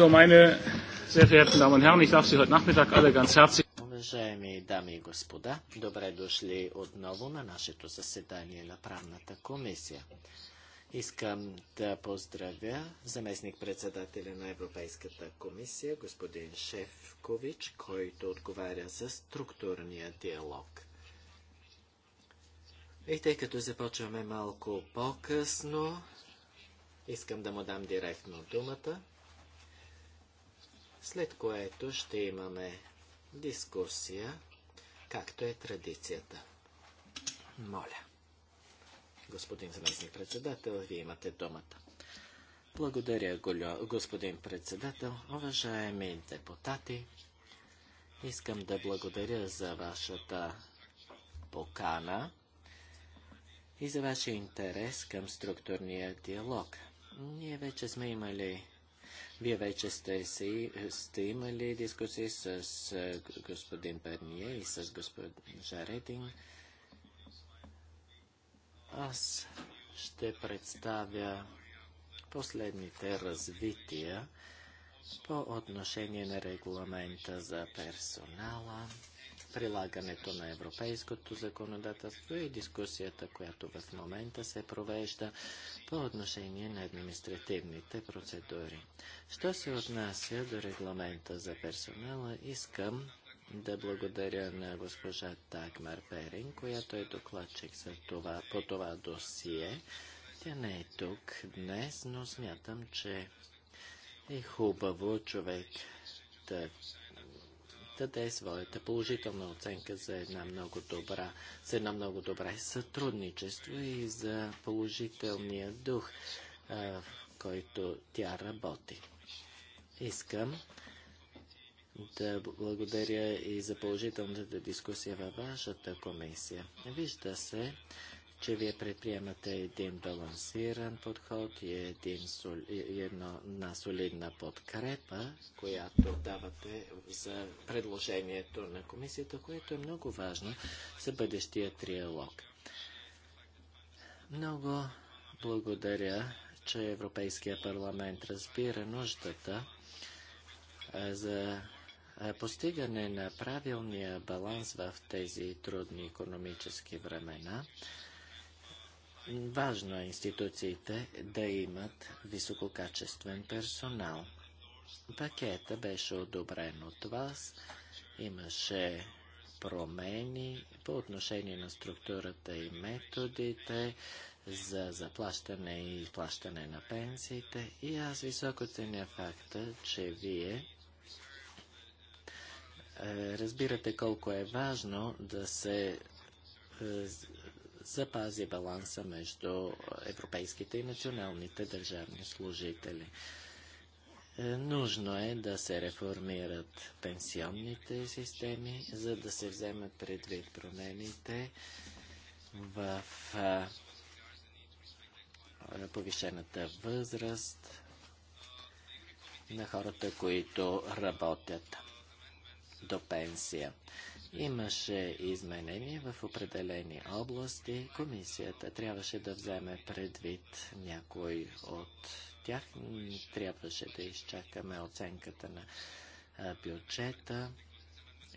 So, meine sehr verehrten Damen und Herren, ich darf Sie heute Nachmittag alle ganz herzlich. Уважаеми дами и господа, добре дошли отново на нашето заседание на правната комисия. Искам да поздравя заместник-председателя на Европейската комисия, господин Шефкович, който отговаря за структурния диалог. И тъй като започваме малко по-късно, искам да му дам директно думата след което ще имаме дискусия, както е традицията. Моля. Господин заместник председател, вие имате думата. Благодаря, господин председател, уважаеми депутати. Искам да благодаря за вашата покана и за вашия интерес към структурния диалог. Ние вече сме имали вие вече сте, си, сте имали дискусии с господин Перние и с господин Жаретин. Аз ще представя последните развития по отношение на регламента за персонала прилагането на европейското законодателство и дискусията, която в момента се провежда по отношение на административните процедури. Що се отнася до регламента за персонала, искам да благодаря на госпожа Тагмар Перин, която е докладчик за това, по това досие. Тя не е тук днес, но смятам, че е хубаво човек да даде своята положителна оценка за една много добра, за едно много добре сътрудничество и за положителния дух, а, в който тя работи. Искам да благодаря и за положителната дискусия във вашата комисия. Вижда се, че вие предприемате един балансиран подход и, един едно, една солидна подкрепа, която давате за предложението на комисията, което е много важно за бъдещия триалог. Много благодаря, че Европейския парламент разбира нуждата за постигане на правилния баланс в тези трудни економически времена. Важно е институциите да имат висококачествен персонал. Пакета беше одобрен от вас. Имаше промени по отношение на структурата и методите за заплащане и плащане на пенсиите. И аз високо ценя факта, че вие е, разбирате колко е важно да се е, запази баланса между европейските и националните държавни служители. Е, нужно е да се реформират пенсионните системи, за да се вземат предвид промените в повишената възраст на хората, които работят до пенсия. Имаше изменения в определени области. Комисията трябваше да вземе предвид някой от тях. Трябваше да изчакаме оценката на бюджета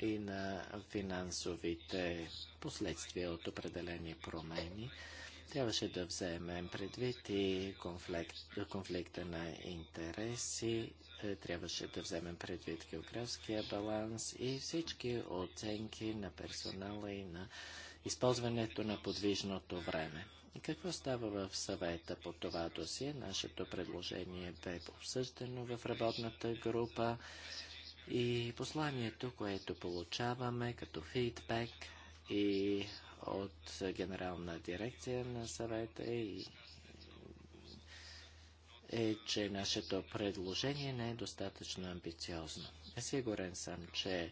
и на финансовите последствия от определени промени. Трябваше да вземем предвид и конфликта на интереси е, трябваше да вземем предвид географския баланс и всички оценки на персонала и на използването на подвижното време. И какво става в съвета по това досие? Нашето предложение бе обсъждано в работната група и посланието, което получаваме като фидбек и от Генерална дирекция на съвета и е, че нашето предложение не е достатъчно амбициозно. Сигурен съм, че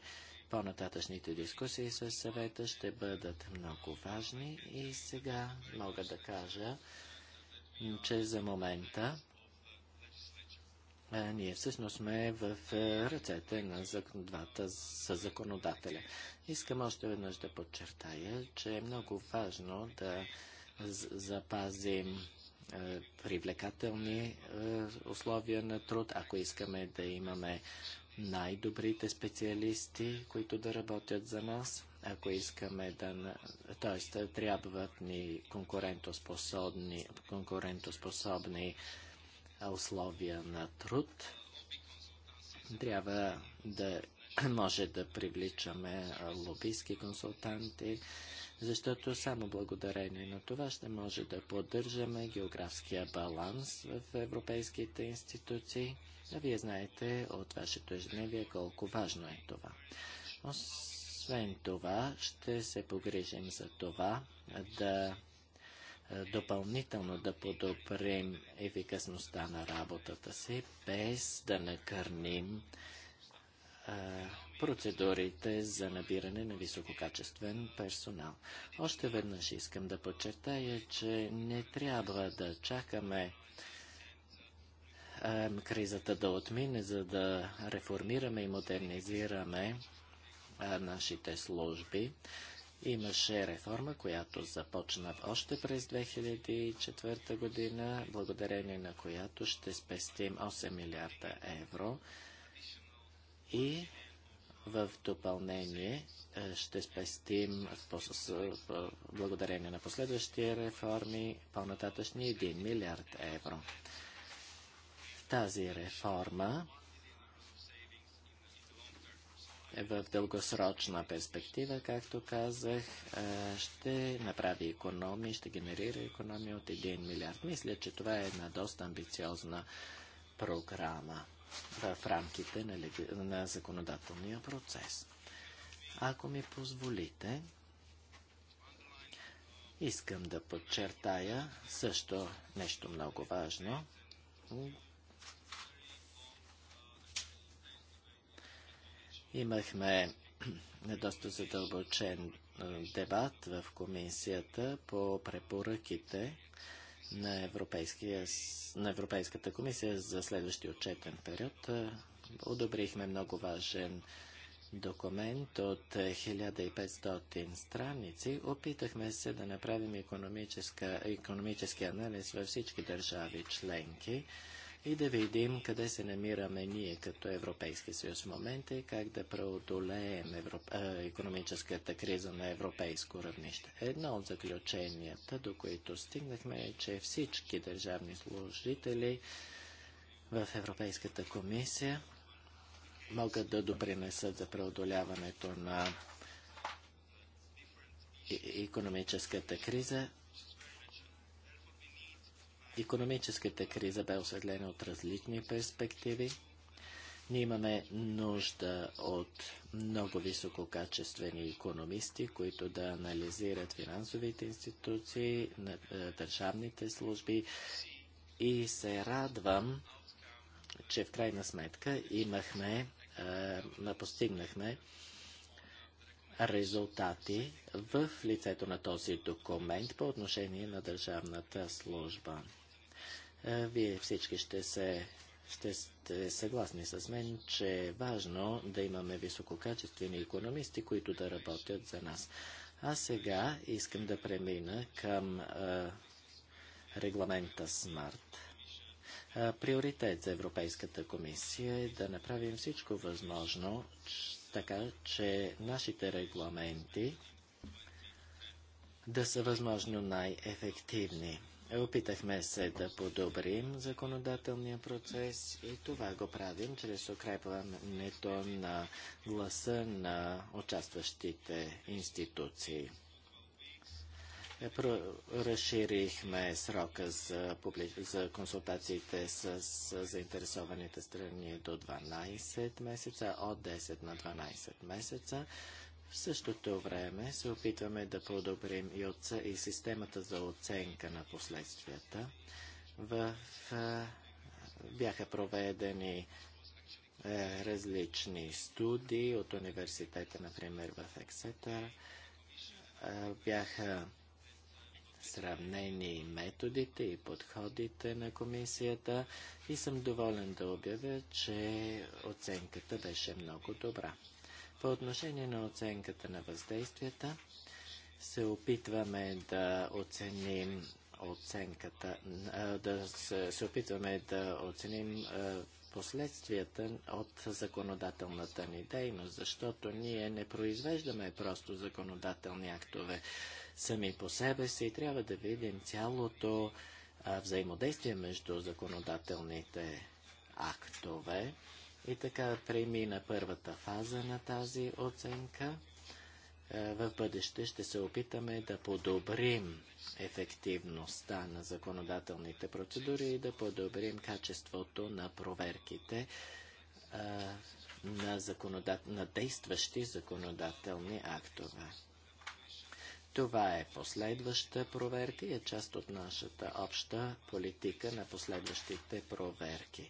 по-нататъчните дискусии с съвета ще бъдат много важни и сега мога да кажа, че за момента а, ние всъщност сме в ръцете на двата законодателя. Искам още веднъж да подчертая, че е много важно да запазим е, привлекателни е, условия на труд, ако искаме да имаме най-добрите специалисти, които да работят за нас, ако искаме да... т.е. трябват ни конкурентоспособни, конкурентоспособни е, условия на труд. Трябва да може да привличаме лобийски консултанти, защото само благодарение на това ще може да поддържаме географския баланс в европейските институции. А вие знаете от вашето ежедневие колко важно е това. Освен това, ще се погрижим за това да е, допълнително да подобрим ефикасността на работата си, без да накърним е, процедурите за набиране на висококачествен персонал. Още веднъж искам да подчертая, че не трябва да чакаме кризата да отмине, за да реформираме и модернизираме нашите служби. Имаше реформа, която започна още през 2004 година, благодарение на която ще спестим 8 милиарда евро и в допълнение е, ще спестим е, благодарение на последващи реформи по-нататъчни 1 милиард евро. Тази реформа е в дългосрочна перспектива, както казах, ще направи економии, ще генерира економии от 1 милиард. Мисля, че това е една доста амбициозна програма в рамките на, леги... на законодателния процес. Ако ми позволите, искам да подчертая също нещо много важно. Имахме доста задълбочен дебат в комисията по препоръките на, на Европейската комисия за следващия отчетен период. Е, одобрихме много важен документ от 1500 страници. Опитахме се да направим економически анализ във всички държави членки и да видим къде се намираме ние като Европейски съюз в момента и е как да преодолеем Европ... е, економическата криза на европейско равнище. Едно от заключенията, до които стигнахме е, че всички държавни служители в Европейската комисия могат да допринесат за преодоляването на економическата криза Економическата криза бе осветлена от различни перспективи. Ние имаме нужда от много висококачествени економисти, които да анализират финансовите институции, е, държавните служби и се радвам, че в крайна сметка имахме, е, постигнахме резултати в лицето на този документ по отношение на държавната служба. Вие всички ще се ще сте съгласни с мен, че е важно да имаме висококачествени економисти, които да работят за нас. А сега искам да премина към а, регламента SMART. А, приоритет за Европейската комисия е да направим всичко възможно, така че нашите регламенти да са възможно най-ефективни. Опитахме се да подобрим законодателния процес и това го правим чрез укрепването на гласа на участващите институции. Е, разширихме срока за, публи... за консултациите с, с заинтересованите страни до 12 месеца, от 10 на 12 месеца. В същото време се опитваме да подобрим и, оце... и системата за оценка на последствията. В... Бяха проведени е, различни студии от университета, например в Ексетър. Е, бяха сравнени методите и подходите на комисията и съм доволен да обявя, че оценката беше много добра. По отношение на оценката на въздействията, се опитваме да оценим оценката, да се опитваме да оценим последствията от законодателната ни дейност, защото ние не произвеждаме просто законодателни актове сами по себе си и трябва да видим цялото взаимодействие между законодателните актове и така премина първата фаза на тази оценка. Е, в бъдеще ще се опитаме да подобрим ефективността на законодателните процедури и да подобрим качеството на проверките е, на, законодат... на действащи законодателни актове. Това е последваща проверка и е част от нашата обща политика на последващите проверки.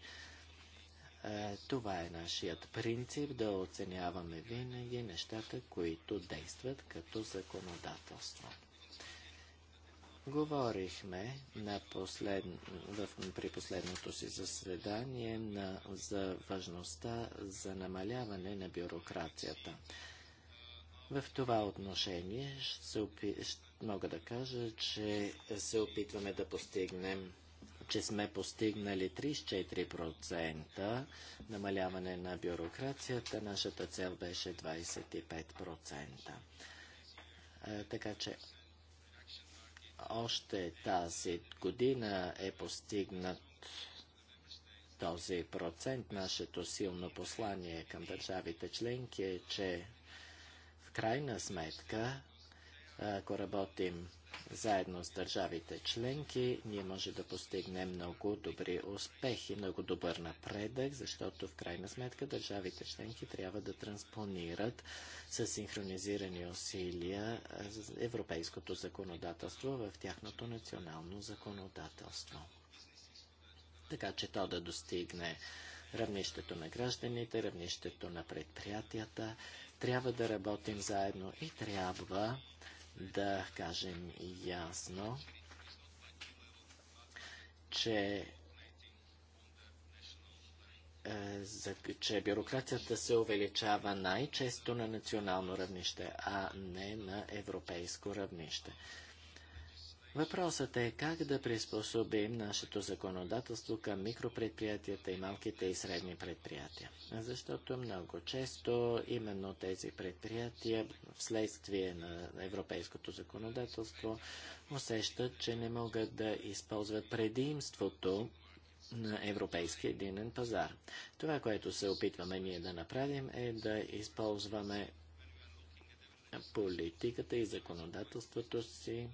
Е, това е нашият принцип да оценяваме винаги нещата, които действат като законодателство. Говорихме на послед... в... при последното си заседание на... за важността за намаляване на бюрокрацията. В това отношение ще се опи... мога да кажа, че се опитваме да постигнем че сме постигнали 34% намаляване на бюрокрацията. Нашата цел беше 25%. Така че още тази година е постигнат този процент. Нашето силно послание към държавите членки е, че в крайна сметка, ако работим заедно с държавите членки ние може да постигнем много добри успехи, много добър напредък, защото в крайна сметка държавите членки трябва да транспонират с синхронизирани усилия европейското законодателство в тяхното национално законодателство. Така че то да достигне равнището на гражданите, равнището на предприятията. Трябва да работим заедно и трябва да кажем ясно, че е, че бюрокрацията се увеличава най-често на национално равнище, а не на европейско равнище. Въпросът е как да приспособим нашето законодателство към микропредприятията и малките и средни предприятия. Защото много често именно тези предприятия вследствие на европейското законодателство усещат, че не могат да използват предимството на европейски единен пазар. Това, което се опитваме ние да направим е да използваме политиката и законодателството си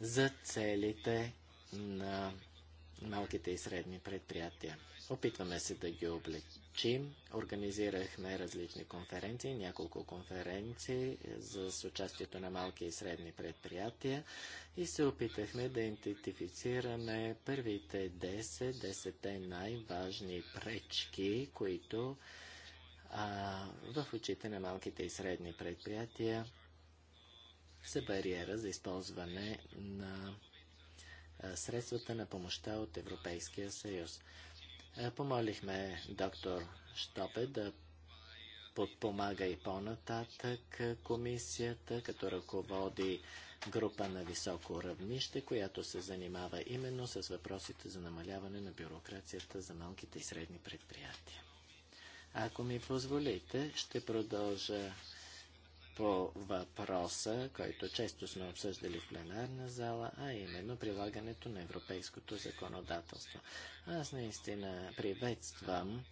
за целите на малките и средни предприятия. Опитваме се да ги облегчим. Организирахме различни конференции, няколко конференции с участието на малки и средни предприятия и се опитахме да идентифицираме първите 10, 10 най-важни пречки, които а, в очите на малките и средни предприятия се бариера за използване на средствата на помощта от Европейския съюз. Помолихме доктор Штопе да подпомага и по-нататък комисията, като ръководи група на високо равнище, която се занимава именно с въпросите за намаляване на бюрокрацията за малките и средни предприятия. Ако ми позволите, ще продължа по въпроса, който често сме обсъждали в пленарна зала, а именно прилагането на европейското законодателство. Аз наистина приветствам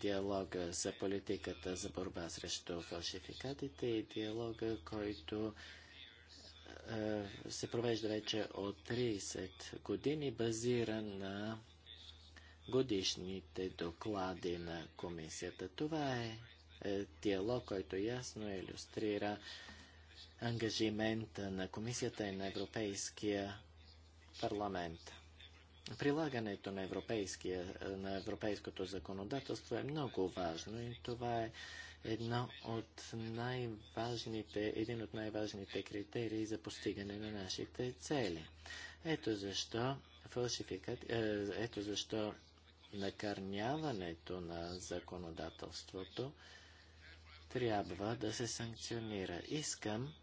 диалога за политиката за борба срещу фалшификатите и диалога, който се провежда вече от 30 години, базиран на годишните доклади на комисията. Това е е, диалог, който ясно иллюстрира ангажимента на Комисията и на Европейския парламент. Прилагането на, е, на европейското законодателство е много важно и това е едно от най-важните, един от най-важните критерии за постигане на нашите цели. Ето защо, фалшификат, е, ето защо накърняването на законодателството трябва да се санкционира. Искам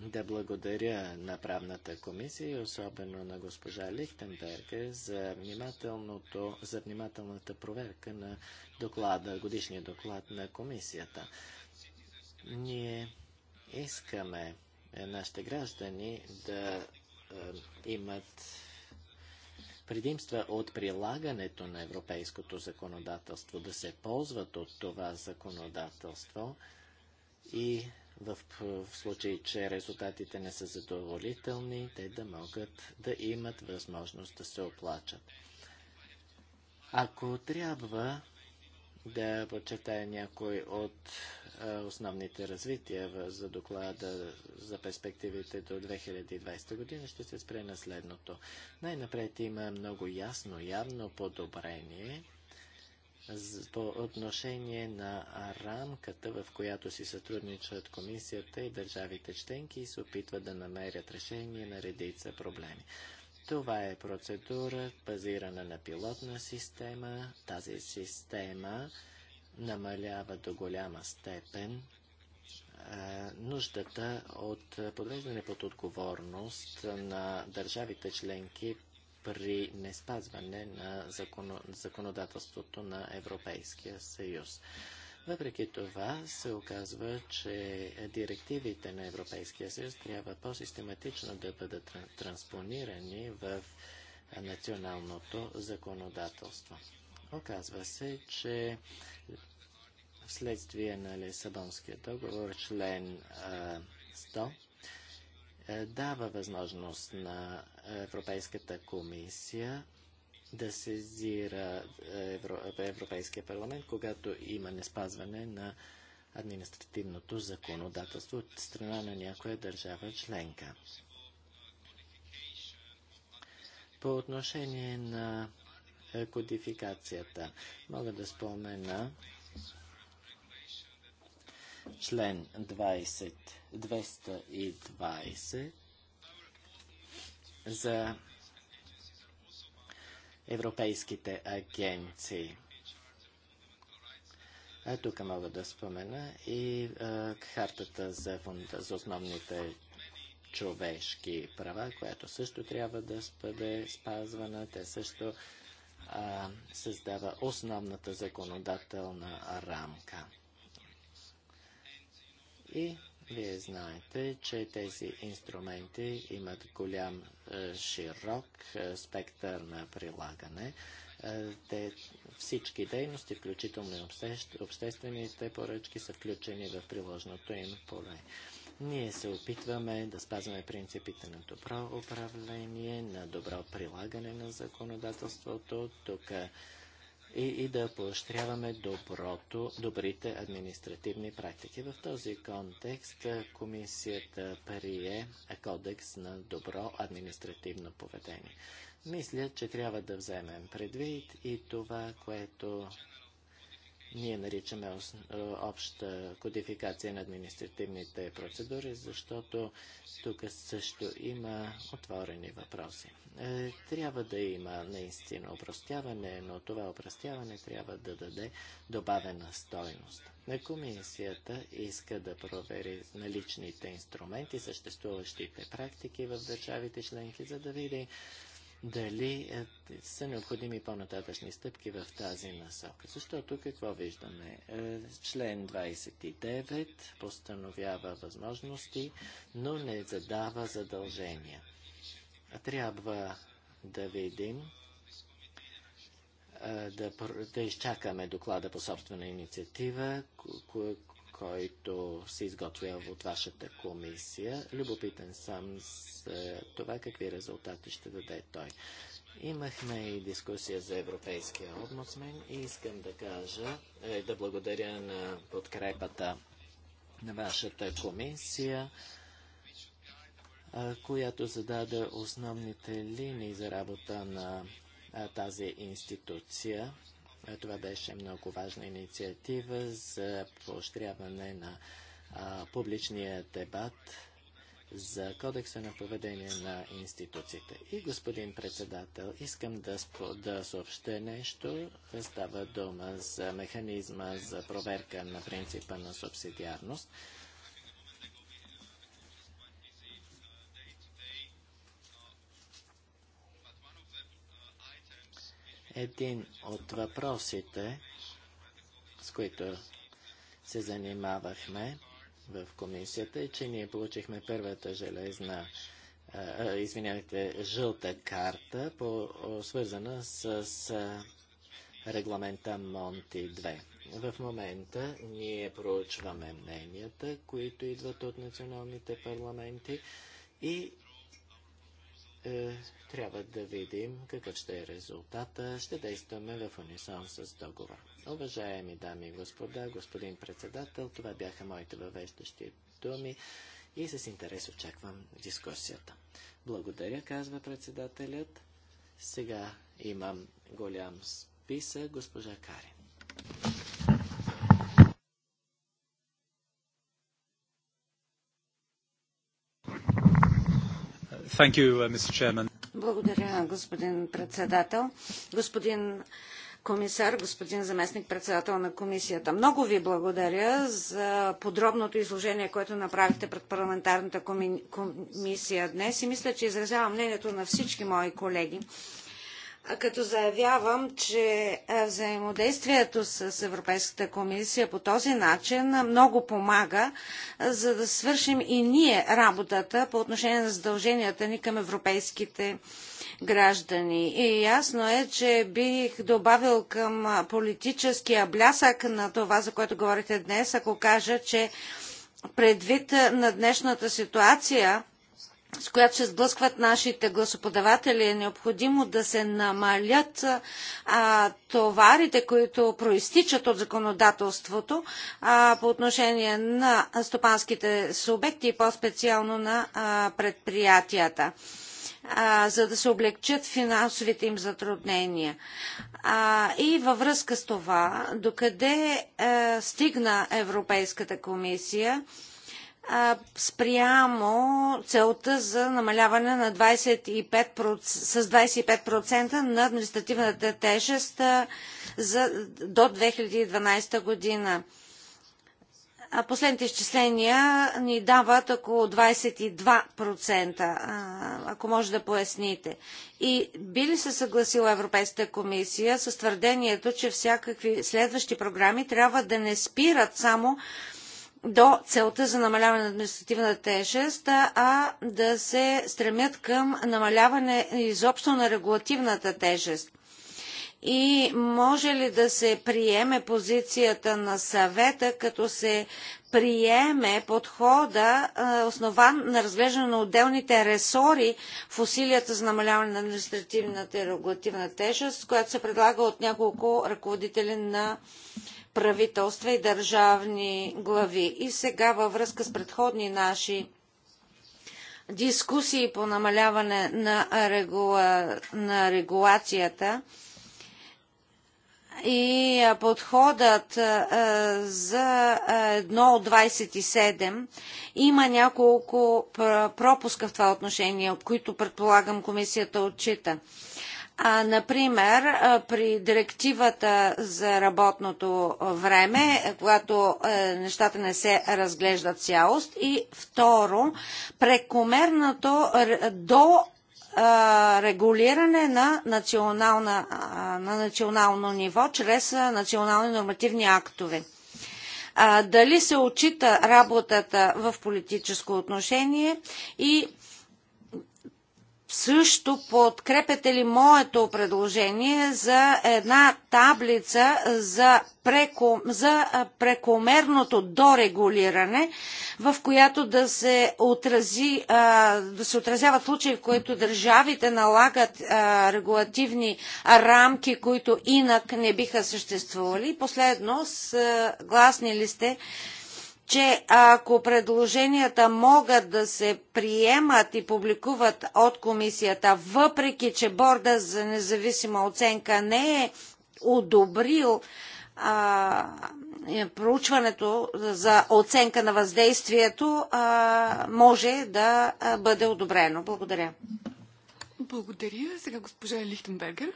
да благодаря на правната комисия и особено на госпожа Лихтенберг, за, внимателното, за внимателната проверка на доклада, годишния доклад на комисията. Ние искаме е, нашите граждани да е, имат предимства от прилагането на европейското законодателство, да се ползват от това законодателство и в, в случай, че резултатите не са задоволителни, те да могат да имат възможност да се оплачат. Ако трябва да подчертая някой от основните развития за доклада за перспективите до 2020 година, ще се спре на следното. Най-напред има много ясно, явно подобрение по отношение на рамката, в която си сътрудничат комисията и държавите членки и се опитват да намерят решение на редица проблеми. Това е процедура, базирана на пилотна система. Тази система намалява до голяма степен нуждата от подвеждане под отговорност на държавите членки при неспазване на законодателството на Европейския съюз. Въпреки това се оказва, че директивите на Европейския съюз трябва по-систематично да бъдат транспонирани в националното законодателство. Оказва се, че вследствие на Лисабонския договор, член 100, е, дава възможност на Европейската комисия да сезира е, Евро, е, Европейския парламент, когато има неспазване на административното законодателство от страна на някоя държава членка. По отношение на е, кодификацията, мога да спомена член 20, 220 за европейските агенции. А тук мога да спомена и а, хартата за, фунда, за основните човешки права, която също трябва да бъде спазвана. Те също а, създава основната законодателна рамка. И вие знаете, че тези инструменти имат голям е, широк е, спектър на прилагане. Е, те, всички дейности, включително и обществените поръчки, са включени в приложното им поле. Ние се опитваме да спазваме принципите на добро управление, на добро прилагане на законодателството. Тук и, и да поощряваме доброто, добрите административни практики. В този контекст комисията прие кодекс на добро административно поведение. Мисля, че трябва да вземем предвид и това, което ние наричаме е, обща кодификация на административните процедури, защото тук също има отворени въпроси. Е, трябва да има наистина упростяване, но това упростяване трябва да даде добавена стойност. На комисията иска да провери наличните инструменти, съществуващите практики в държавите членки, за да види дали е, са необходими по-нататъчни стъпки в тази насока. Защото какво виждаме? Е, член 29 постановява възможности, но не задава задължения. Трябва да видим, е, да, да изчакаме доклада по собствена инициатива, който се изготвя от вашата комисия. Любопитен съм с това какви резултати ще даде той. Имахме и дискусия за Европейския омбудсмен и искам да кажа, е, да благодаря на подкрепата на вашата комисия, която зададе основните линии за работа на тази институция. Е, това беше много важна инициатива за поощряване на публичния дебат за кодекса на поведение на институциите. И господин председател, искам да, спо, да съобща нещо. Става дума за механизма за проверка на принципа на субсидиарност. един от въпросите, с които се занимавахме в комисията, е, че ние получихме първата железна, извинявайте, жълта карта, по, свързана с регламента Монти 2. В момента ние проучваме мненията, които идват от националните парламенти и е, трябва да видим какъв ще е резултата. Ще действаме в унисон с договор. Уважаеми дами и господа, господин председател, това бяха моите въвеждащи думи и с интерес очаквам дискусията. Благодаря, казва председателят. Сега имам голям списък, госпожа Карин. Uh, благодаря, господин председател. Господин комисар, господин заместник председател на комисията. Много ви благодаря за подробното изложение, което направихте пред парламентарната комисия днес и мисля, че изразявам мнението на всички мои колеги като заявявам, че взаимодействието с Европейската комисия по този начин много помага, за да свършим и ние работата по отношение на задълженията ни към европейските граждани. И ясно е, че бих добавил към политическия блясък на това, за което говорите днес, ако кажа, че предвид на днешната ситуация, с която се сблъскват нашите гласоподаватели, е необходимо да се намалят а, товарите, които проистичат от законодателството а, по отношение на стопанските субекти и по-специално на а, предприятията за да се облегчат финансовите им затруднения. А, и във връзка с това, докъде а, е, стигна Европейската комисия, спрямо целта за намаляване на 25%, с 25% на административната тежест за, до 2012 година. а Последните изчисления ни дават около 22%, ако може да поясните. И би ли се съгласила Европейската комисия с твърдението, че всякакви следващи програми трябва да не спират само до целта за намаляване на административната тежест, а да се стремят към намаляване изобщо на регулативната тежест. И може ли да се приеме позицията на съвета, като се приеме подхода, основан на разглеждане на отделните ресори в усилията за намаляване на административната и регулативна тежест, която се предлага от няколко ръководители на правителства и държавни глави. И сега във връзка с предходни наши дискусии по намаляване на, регула... на регулацията и подходът за едно от 27 има няколко пропуска в това отношение, от които предполагам комисията отчита. А, например, при директивата за работното време, когато е, нещата не се разглеждат цялост. И второ, прекомерното до регулиране на, национална, на национално ниво чрез национални нормативни актове. дали се отчита работата в политическо отношение и също подкрепяте ли моето предложение за една таблица за, преко, за прекомерното дорегулиране, в която да се, отрази, да се отразяват случаи, в които държавите налагат регулативни рамки, които инак не биха съществували? Последно, съгласни ли сте? че ако предложенията могат да се приемат и публикуват от комисията, въпреки че борда за независима оценка не е одобрил а, е, проучването за оценка на въздействието, а, може да бъде одобрено. Благодаря. Благодаря. Сега госпожа Лихтенбергер.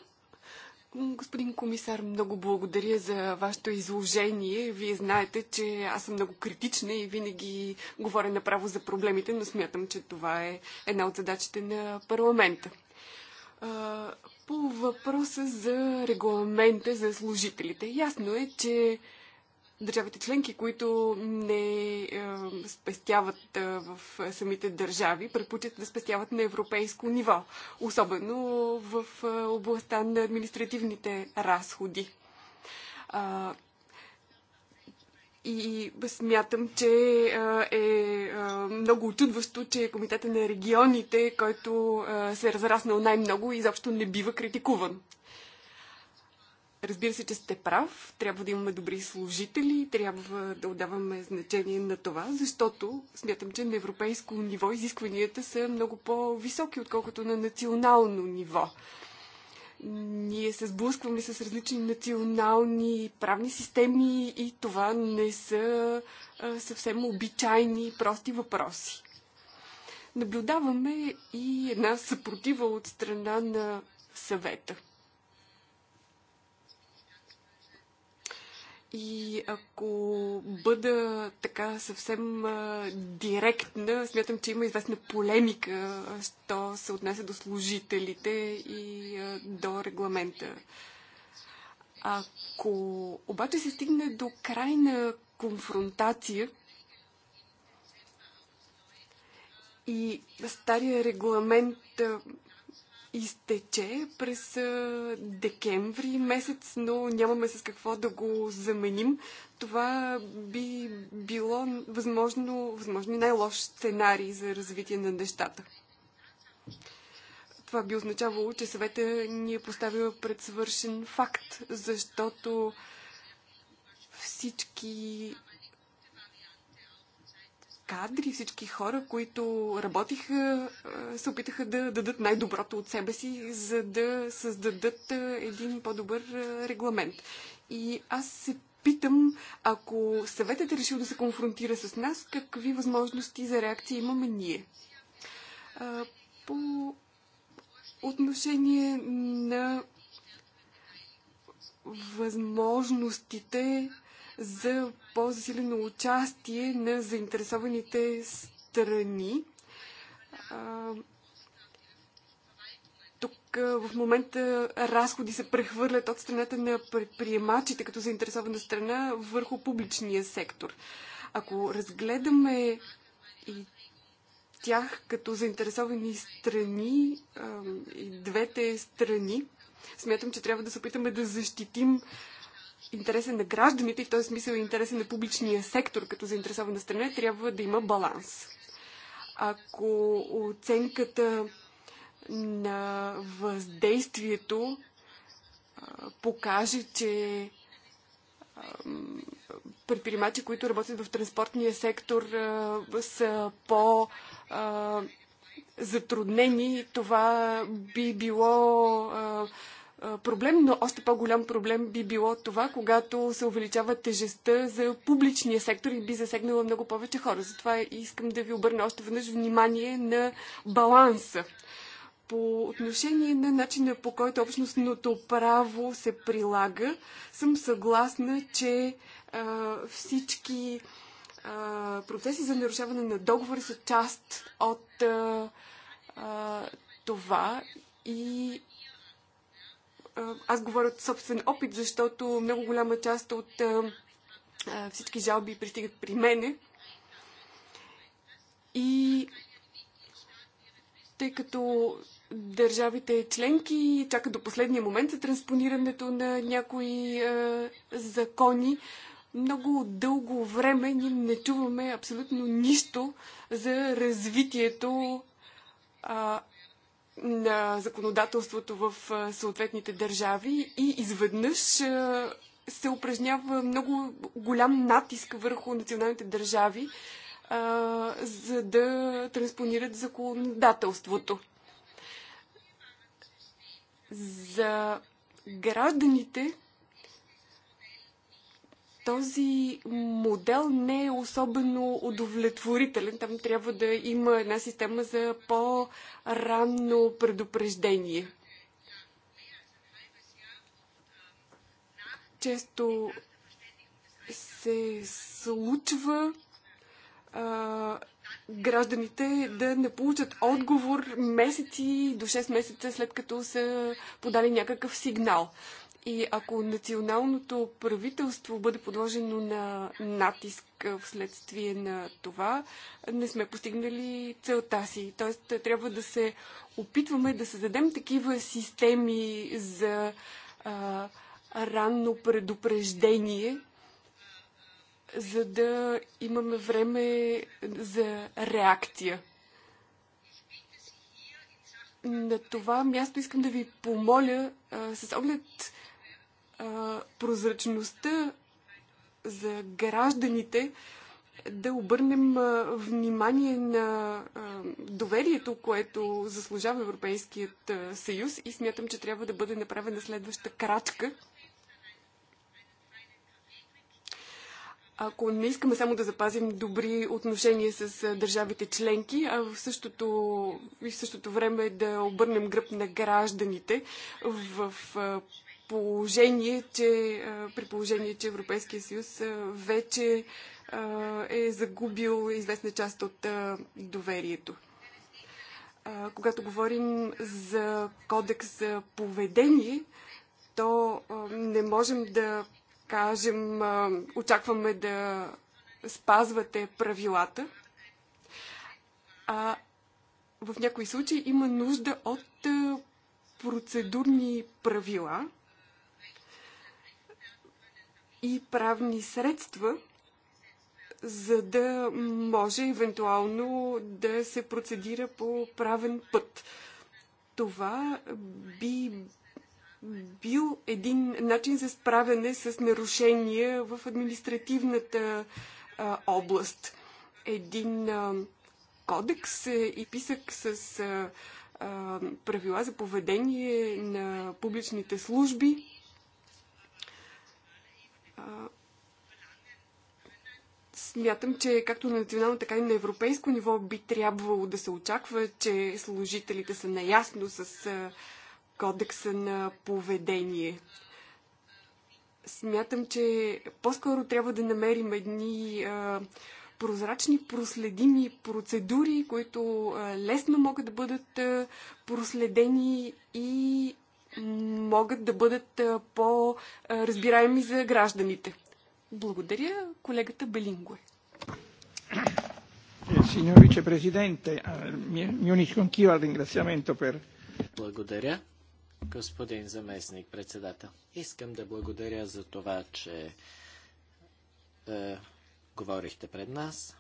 Господин комисар, много благодаря за вашето изложение. Вие знаете, че аз съм много критична и винаги говоря направо за проблемите, но смятам, че това е една от задачите на парламента. По въпроса за регламента за служителите. Ясно е, че държавите членки, които не е, спестяват е, в самите държави, предпочитат да спестяват на европейско ниво, особено в е, областта на административните разходи. И смятам, че е много очудващо, че Комитета на регионите, който се е разраснал най-много, изобщо не бива критикуван. Разбира се, че сте прав. Трябва да имаме добри служители, трябва да отдаваме значение на това, защото смятам, че на европейско ниво изискванията са много по-високи, отколкото на национално ниво. Ние се сблъскваме с различни национални правни системи и това не са съвсем обичайни прости въпроси. Наблюдаваме и една съпротива от страна на съвета. И ако бъда така съвсем директна, смятам, че има известна полемика, що се отнася до служителите и до регламента. Ако обаче се стигне до крайна конфронтация и стария регламент изтече през декември месец, но нямаме с какво да го заменим. Това би било възможно, възможно най-лош сценарий за развитие на нещата. Това би означавало, че съвета ни е поставил пред свършен факт, защото всички кадри, всички хора, които работиха, се опитаха да дадат най-доброто от себе си, за да създадат един по-добър регламент. И аз се питам, ако съветът е решил да се конфронтира с нас, какви възможности за реакция имаме ние? По отношение на възможностите за по-засилено участие на заинтересованите страни. Тук в момента разходи се прехвърлят от страната на предприемачите като заинтересована страна върху публичния сектор. Ако разгледаме и тях като заинтересовани страни, и двете страни, смятам, че трябва да се опитаме да защитим интересен на гражданите и в този смисъл е интересен на публичния сектор като заинтересована страна, трябва да има баланс. Ако оценката на въздействието покаже, че предприемачи, които работят в транспортния сектор, са по- затруднени. Това би било проблем, но още по-голям проблем би било това, когато се увеличава тежестта за публичния сектор и би засегнала много повече хора. Затова искам да ви обърна още веднъж внимание на баланса. По отношение на начина по който общностното право се прилага, съм съгласна, че а, всички а, процеси за нарушаване на договори са част от а, а, това и аз говоря от собствен опит, защото много голяма част от всички жалби пристигат при мене. И тъй като държавите членки чакат до последния момент за транспонирането на някои закони, много дълго време ние не чуваме абсолютно нищо за развитието на законодателството в съответните държави и изведнъж се упражнява много голям натиск върху националните държави, за да транспонират законодателството. За гражданите този модел не е особено удовлетворителен. Там трябва да има една система за по-ранно предупреждение. Често се случва а, гражданите да не получат отговор месеци до 6 месеца след като са подали някакъв сигнал. И ако националното правителство бъде подложено на натиск вследствие на това, не сме постигнали целта си. Тоест, е, трябва да се опитваме да създадем такива системи за а, ранно предупреждение, за да имаме време за реакция. На това място искам да ви помоля а, с оглед прозрачността за гражданите, да обърнем внимание на доверието, което заслужава Европейският съюз и смятам, че трябва да бъде направена следваща крачка. Ако не искаме само да запазим добри отношения с държавите членки, а в същото, и в същото време да обърнем гръб на гражданите в положение, че, при положение, че Европейския съюз вече е загубил известна част от доверието. Когато говорим за кодекс за поведение, то не можем да кажем, очакваме да спазвате правилата, а в някои случаи има нужда от процедурни правила, и правни средства, за да може евентуално да се процедира по правен път. Това би бил един начин за справяне с нарушения в административната а, област. Един а, кодекс и писък с а, правила за поведение на публичните служби смятам, че както на национално, така и на европейско ниво би трябвало да се очаква, че служителите са наясно с кодекса на поведение. Смятам, че по-скоро трябва да намерим едни а, прозрачни, проследими процедури, които а, лесно могат да бъдат а, проследени и могат да бъдат по-разбираеми за гражданите. Благодаря колегата Белингуе. Синьор Vicepresidente, ringraziamento per... Благодаря, господин заместник председател. Искам да благодаря за това, че е, говорихте пред нас.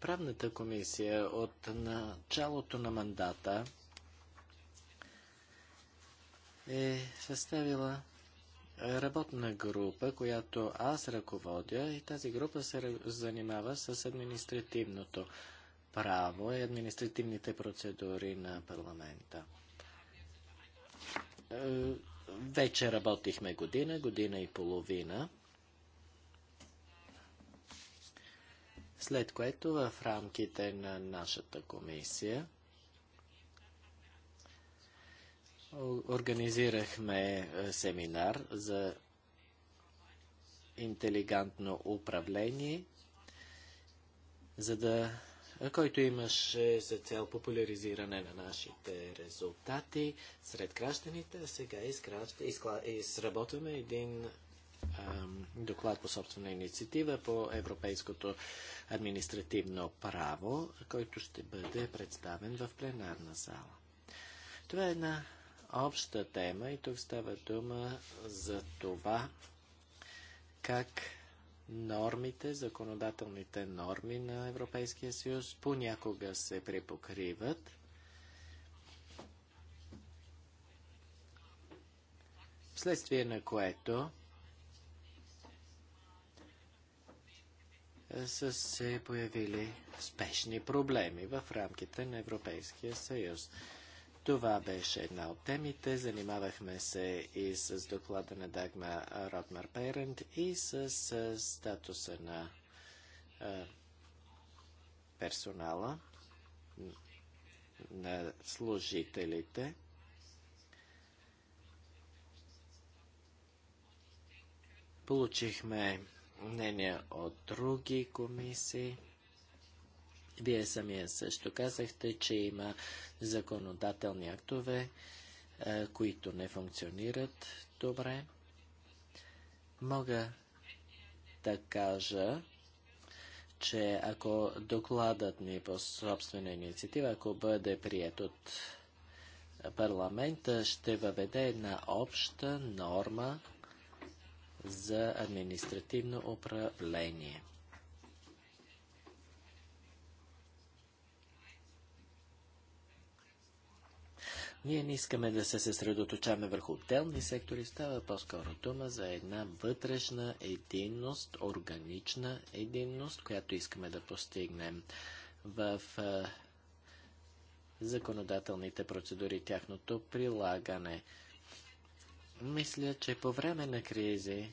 Правната комисия от началото на мандата е съставила работна група, която аз ръководя и тази група се занимава с административното право и административните процедури на парламента. Е, вече работихме година, година и половина. След което в рамките на нашата комисия организирахме е, семинар за интелигантно управление, за да, който имаше за цел популяризиране на нашите резултати сред гражданите. Сега изработваме един доклад по собствена инициатива по европейското административно право, който ще бъде представен в пленарна зала. Това е една обща тема и тук става дума за това как нормите, законодателните норми на Европейския съюз понякога се припокриват. Вследствие на което са се появили спешни проблеми в рамките на Европейския съюз. Това беше една от темите. Занимавахме се и с доклада на Дагма Ротмар Перент и с, статуса на персонала, на служителите. Получихме мнения от други комисии. Вие самия също казахте, че има законодателни актове, е, които не функционират добре. Мога да кажа, че ако докладът ни по собствена инициатива, ако бъде прият от парламента, ще въведе една обща норма за административно управление. Ние не искаме да се съсредоточаваме върху отделни сектори, става по-скоро дума за една вътрешна единност, органична единност, която искаме да постигнем в законодателните процедури, тяхното прилагане – мисля, че по време на кризи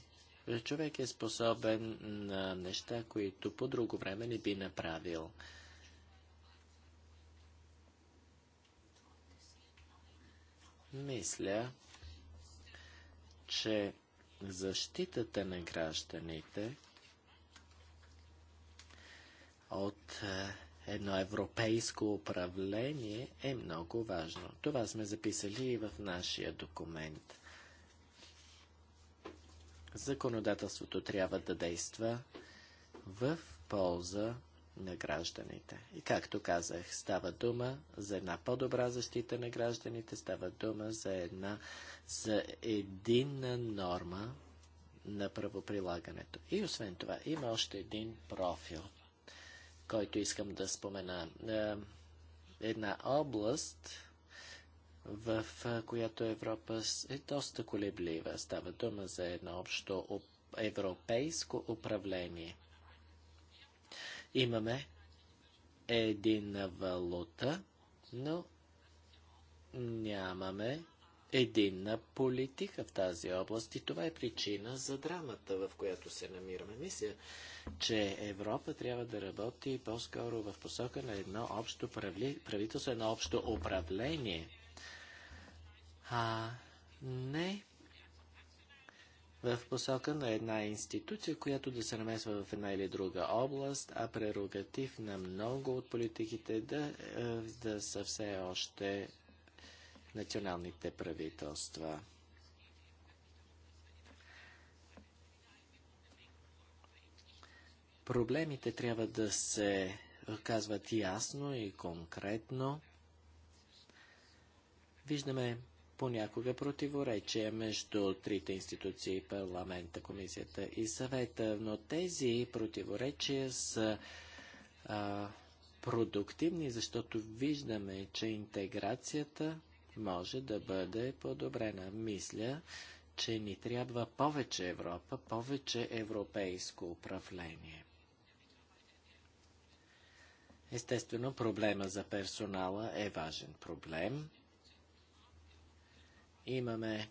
е, човек е способен на неща, които по друго време не би направил. Мисля, че защитата на гражданите от е, едно европейско управление е много важно. Това сме записали и в нашия документ законодателството трябва да действа в полза на гражданите. И както казах, става дума за една по-добра защита на гражданите, става дума за една за единна норма на правоприлагането. И освен това, има още един профил, който искам да спомена. Е, една област, в която Европа е доста колеблива. Става дума за едно общо европейско управление. Имаме единна валута, но нямаме единна политика в тази област и това е причина за драмата, в която се намираме. Мисля, че Европа трябва да работи по-скоро в посока на едно общо правителство, едно общо управление а не в посока на една институция, която да се намесва в една или друга област, а прерогатив на много от политиките да, е, да са все още националните правителства. Проблемите трябва да се казват ясно и конкретно. Виждаме понякога противоречия между трите институции парламента, комисията и съвета, но тези противоречия са а, продуктивни, защото виждаме, че интеграцията може да бъде подобрена. Мисля, че ни трябва повече Европа, повече европейско управление. Естествено, проблема за персонала е важен проблем. Имаме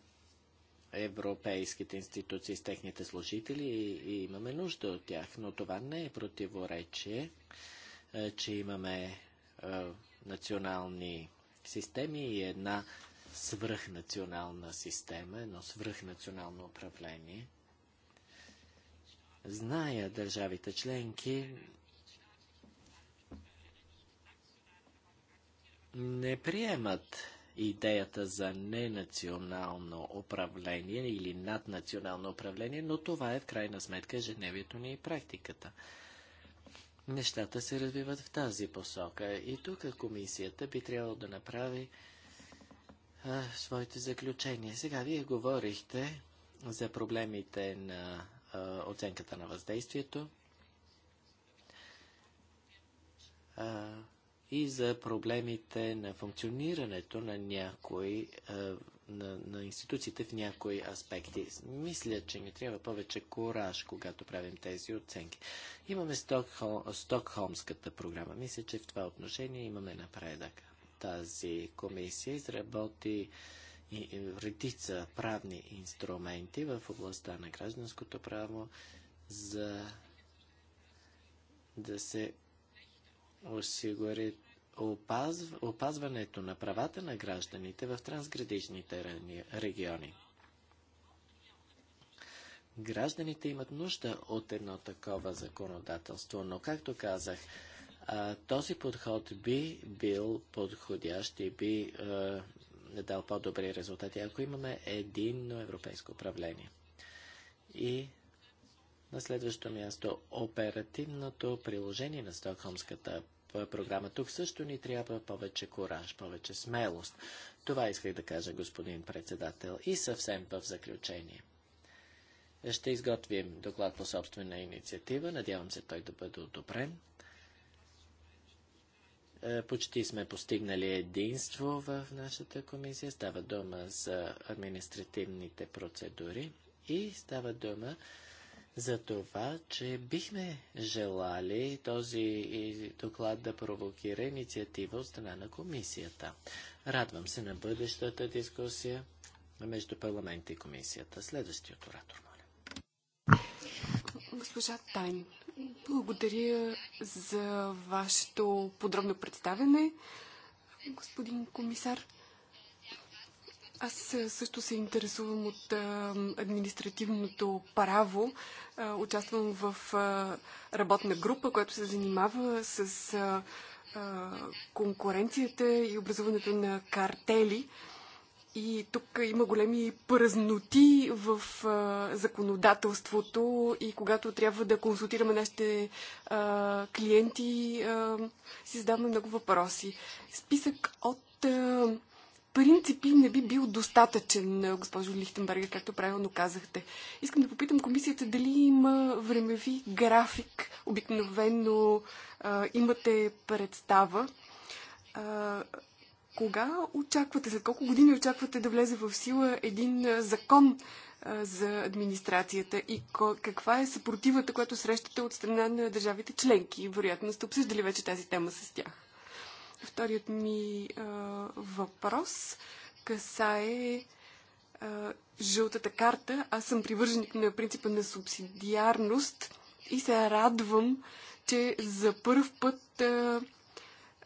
европейските институции с техните служители и, и имаме нужда от тях, но това не е противоречие, е, че имаме е, национални системи и една свръхнационална система, едно свръхнационално управление. Зная държавите членки не приемат идеята за ненационално управление или наднационално управление, но това е в крайна сметка ежедневието ни и практиката. Нещата се развиват в тази посока и тук комисията би трябвало да направи а, своите заключения. Сега вие говорихте за проблемите на а, оценката на въздействието. А, и за проблемите на функционирането на някои е, на, на институциите в някои аспекти. Мисля, че ни трябва повече кораж, когато правим тези оценки. Имаме Стокхол, Стокхолмската програма. Мисля, че в това отношение имаме напредък. Тази комисия изработи и, и, редица правни инструменти в областта на гражданското право за да се осигурят опазв, опазването на правата на гражданите в трансграничните региони. Гражданите имат нужда от едно такова законодателство, но както казах, този подход би бил подходящ и би е, дал по-добри резултати, ако имаме единно европейско управление. И на следващо място оперативното приложение на Стокхолмската е програма. Тук също ни трябва повече кораж, повече смелост. Това исках да кажа, господин председател. И съвсем в заключение. Ще изготвим доклад по собствена инициатива. Надявам се той да бъде одобрен. Е, почти сме постигнали единство в нашата комисия. Става дума за административните процедури и става дума за това, че бихме желали този доклад да провокира инициатива от страна на комисията. Радвам се на бъдещата дискусия между парламент и комисията. Следващият оратор, моля. Госпожа Тайн, благодаря за вашето подробно представяне, господин комисар. Аз е, също се интересувам от е, административното право. Е, участвам в работна група, която се занимава с конкуренцията и образуването на картели. И тук има големи празноти в а, законодателството и когато трябва да консултираме нашите а, клиенти, а, си задаваме много въпроси. Списък от а, принципи не би бил достатъчен, госпожо Лихтенберга, както правилно казахте. Искам да попитам комисията дали има времеви график. Обикновено а, имате представа. А, кога очаквате, за колко години очаквате да влезе в сила един закон а, за администрацията и каква е съпротивата, която срещате от страна на държавите членки? Вероятно сте обсъждали вече тази тема с тях. Вторият ми а, въпрос касае а, жълтата карта. Аз съм привърженик на принципа на субсидиарност и се радвам, че за първ път а,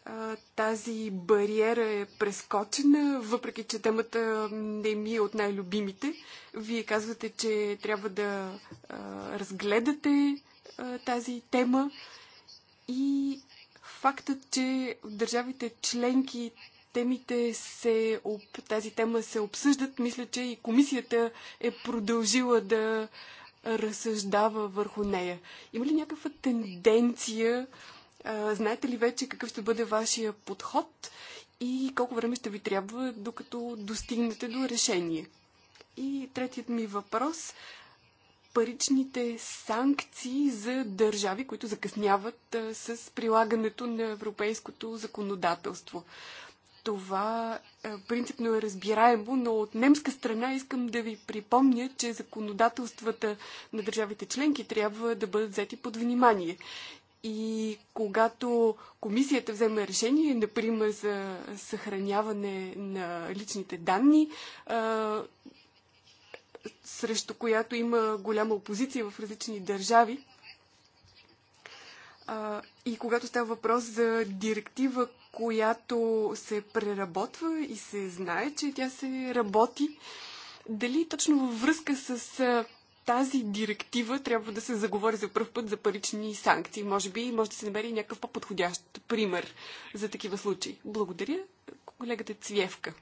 а, тази бариера е прескочена, въпреки че темата не ми е от най-любимите. Вие казвате, че трябва да а, разгледате а, тази тема и фактът, че в държавите членки темите се, тази тема се обсъждат, мисля, че и комисията е продължила да разсъждава върху нея. Има ли някаква тенденция? знаете ли вече какъв ще бъде вашия подход и колко време ще ви трябва, докато достигнете до решение? И третият ми въпрос паричните санкции за държави, които закъсняват с прилагането на европейското законодателство. Това принципно е разбираемо, но от немска страна искам да ви припомня, че законодателствата на държавите членки трябва да бъдат взети под внимание. И когато комисията вземе решение, например, за съхраняване на личните данни, срещу която има голяма опозиция в различни държави. И когато става въпрос за директива, която се преработва и се знае, че тя се работи, дали точно във връзка с тази директива трябва да се заговори за първ път за парични санкции. Може би може да се намери някакъв по-подходящ пример за такива случаи. Благодаря, колегата Цвевка.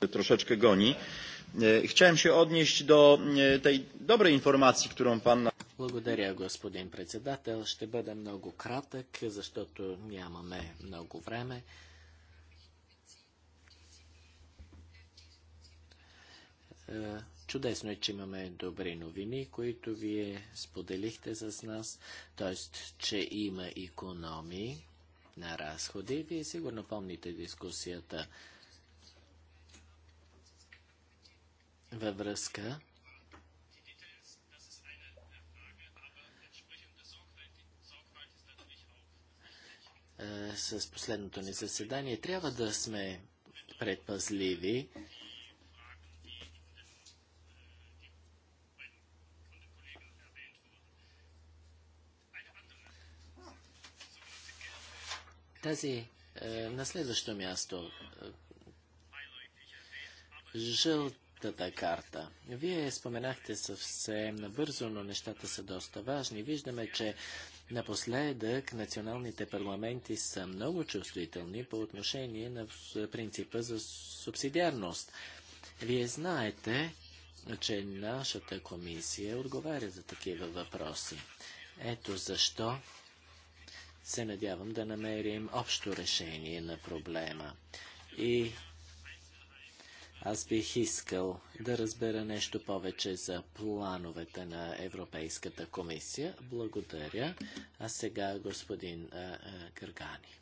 troszeczkę goni. E, chciałem się odnieść do e, tej dobrej informacji, którą pan... Благодаря, господин председател. Ще бъда много кратък, защото нямаме много време. Е, чудесно е, че имаме добри новини, които вие споделихте с нас, т.е. че има економии на разходи. Вие сигурно помните дискусията във връзка е, с последното ни заседание. Трябва да сме предпазливи. Тази е, на следващо място е, жълт пътната карта. Вие споменахте съвсем набързо, но нещата са доста важни. Виждаме, че напоследък националните парламенти са много чувствителни по отношение на принципа за субсидиарност. Вие знаете, че нашата комисия отговаря за такива въпроси. Ето защо се надявам да намерим общо решение на проблема. И аз бих искал да разбера нещо повече за плановете на Европейската комисия. Благодаря. А сега господин а, а, Гъргани.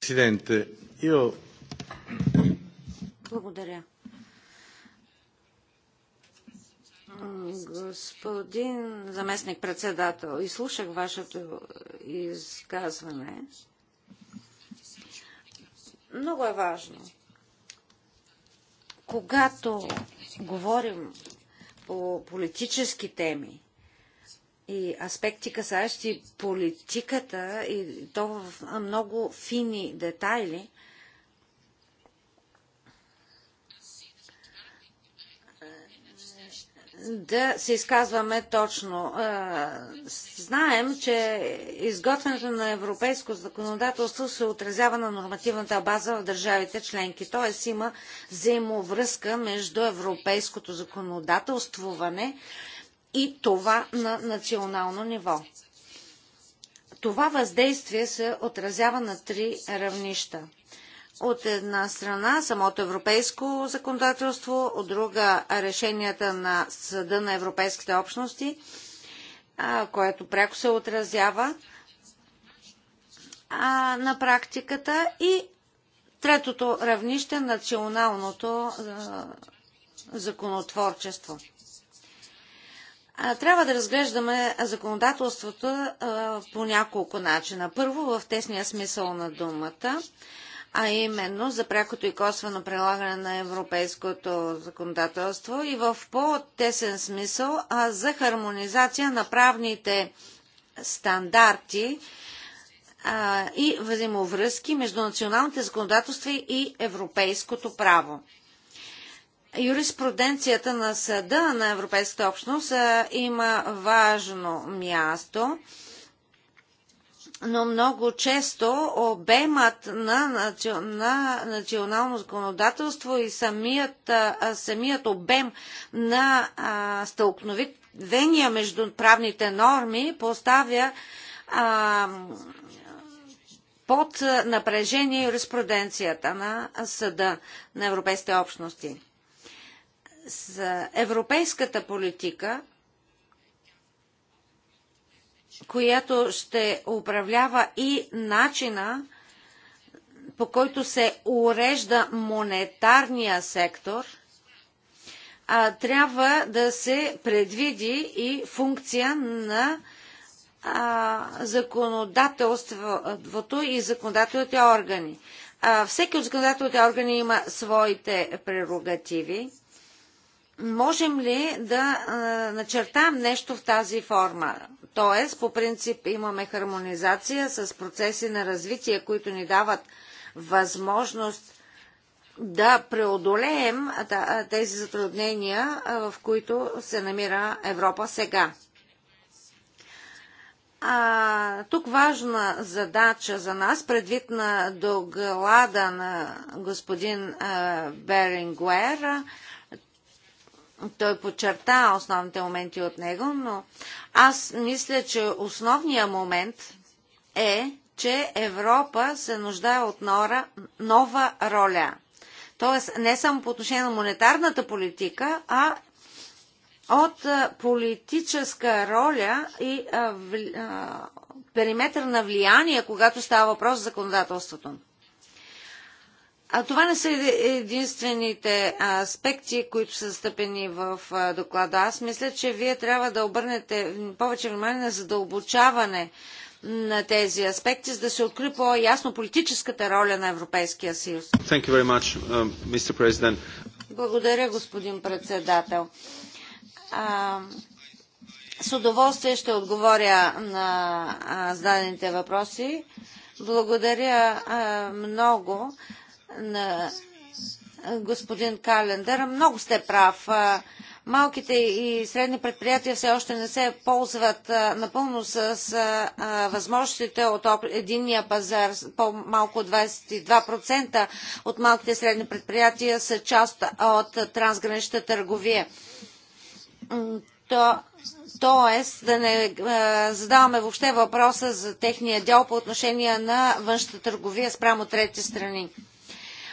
Президенте, Йо... Благодаря. Господин заместник-председател, изслушах вашето изказване. Много е важно когато говорим по политически теми и аспекти, касаещи политиката, и то в много фини детайли, да се изказваме точно. Знаем, че изготвянето на европейско законодателство се отразява на нормативната база в държавите членки, т.е. има взаимовръзка между европейското законодателствуване и това на национално ниво. Това въздействие се отразява на три равнища. От една страна самото европейско законодателство, от друга решенията на Съда на Европейските общности, което пряко се отразява на практиката и третото равнище националното законотворчество. Трябва да разглеждаме законодателството по няколко начина. Първо, в тесния смисъл на думата а именно за прякото и косвено прилагане на европейското законодателство и в по-тесен смисъл а за хармонизация на правните стандарти а, и взаимовръзки между националните законодателства и европейското право. Юриспруденцията на Съда на Европейската общност а, има важно място но много често обемът на, на национално законодателство и самият, а, самият обем на а, стълкновения между правните норми поставя а, под напрежение юриспруденцията на Съда на Европейските общности. С европейската политика – която ще управлява и начина по който се урежда монетарния сектор, а, трябва да се предвиди и функция на законодателството и законодателните органи. всеки от законодателните органи има своите прерогативи можем ли да начертаем нещо в тази форма? Тоест, по принцип имаме хармонизация с процеси на развитие, които ни дават възможност да преодолеем тези затруднения, в които се намира Европа сега. А, тук важна задача за нас, предвид на доглада на господин а, Берингуер, той подчерта основните моменти от него, но аз мисля, че основният момент е, че Европа се нуждае от нова, нова роля. Тоест не само по отношение на монетарната политика, а от политическа роля и а, в, а, периметър на влияние, когато става въпрос за законодателството. А това не са единствените аспекти, които са стъпени в доклада. Аз мисля, че вие трябва да обърнете повече внимание на задълбочаване на тези аспекти, за да се откри по-ясно политическата роля на Европейския съюз. Much, uh, Благодаря, господин председател. А, с удоволствие ще отговоря на зададените въпроси. Благодаря а, много на господин Календър. Много сте прав. Малките и средни предприятия все още не се ползват напълно с възможностите от единния пазар. По-малко 22% от малките и средни предприятия са част от трансграничната търговия. То, тоест, да не а, задаваме въобще въпроса за техния дял по отношение на външната търговия спрямо трети страни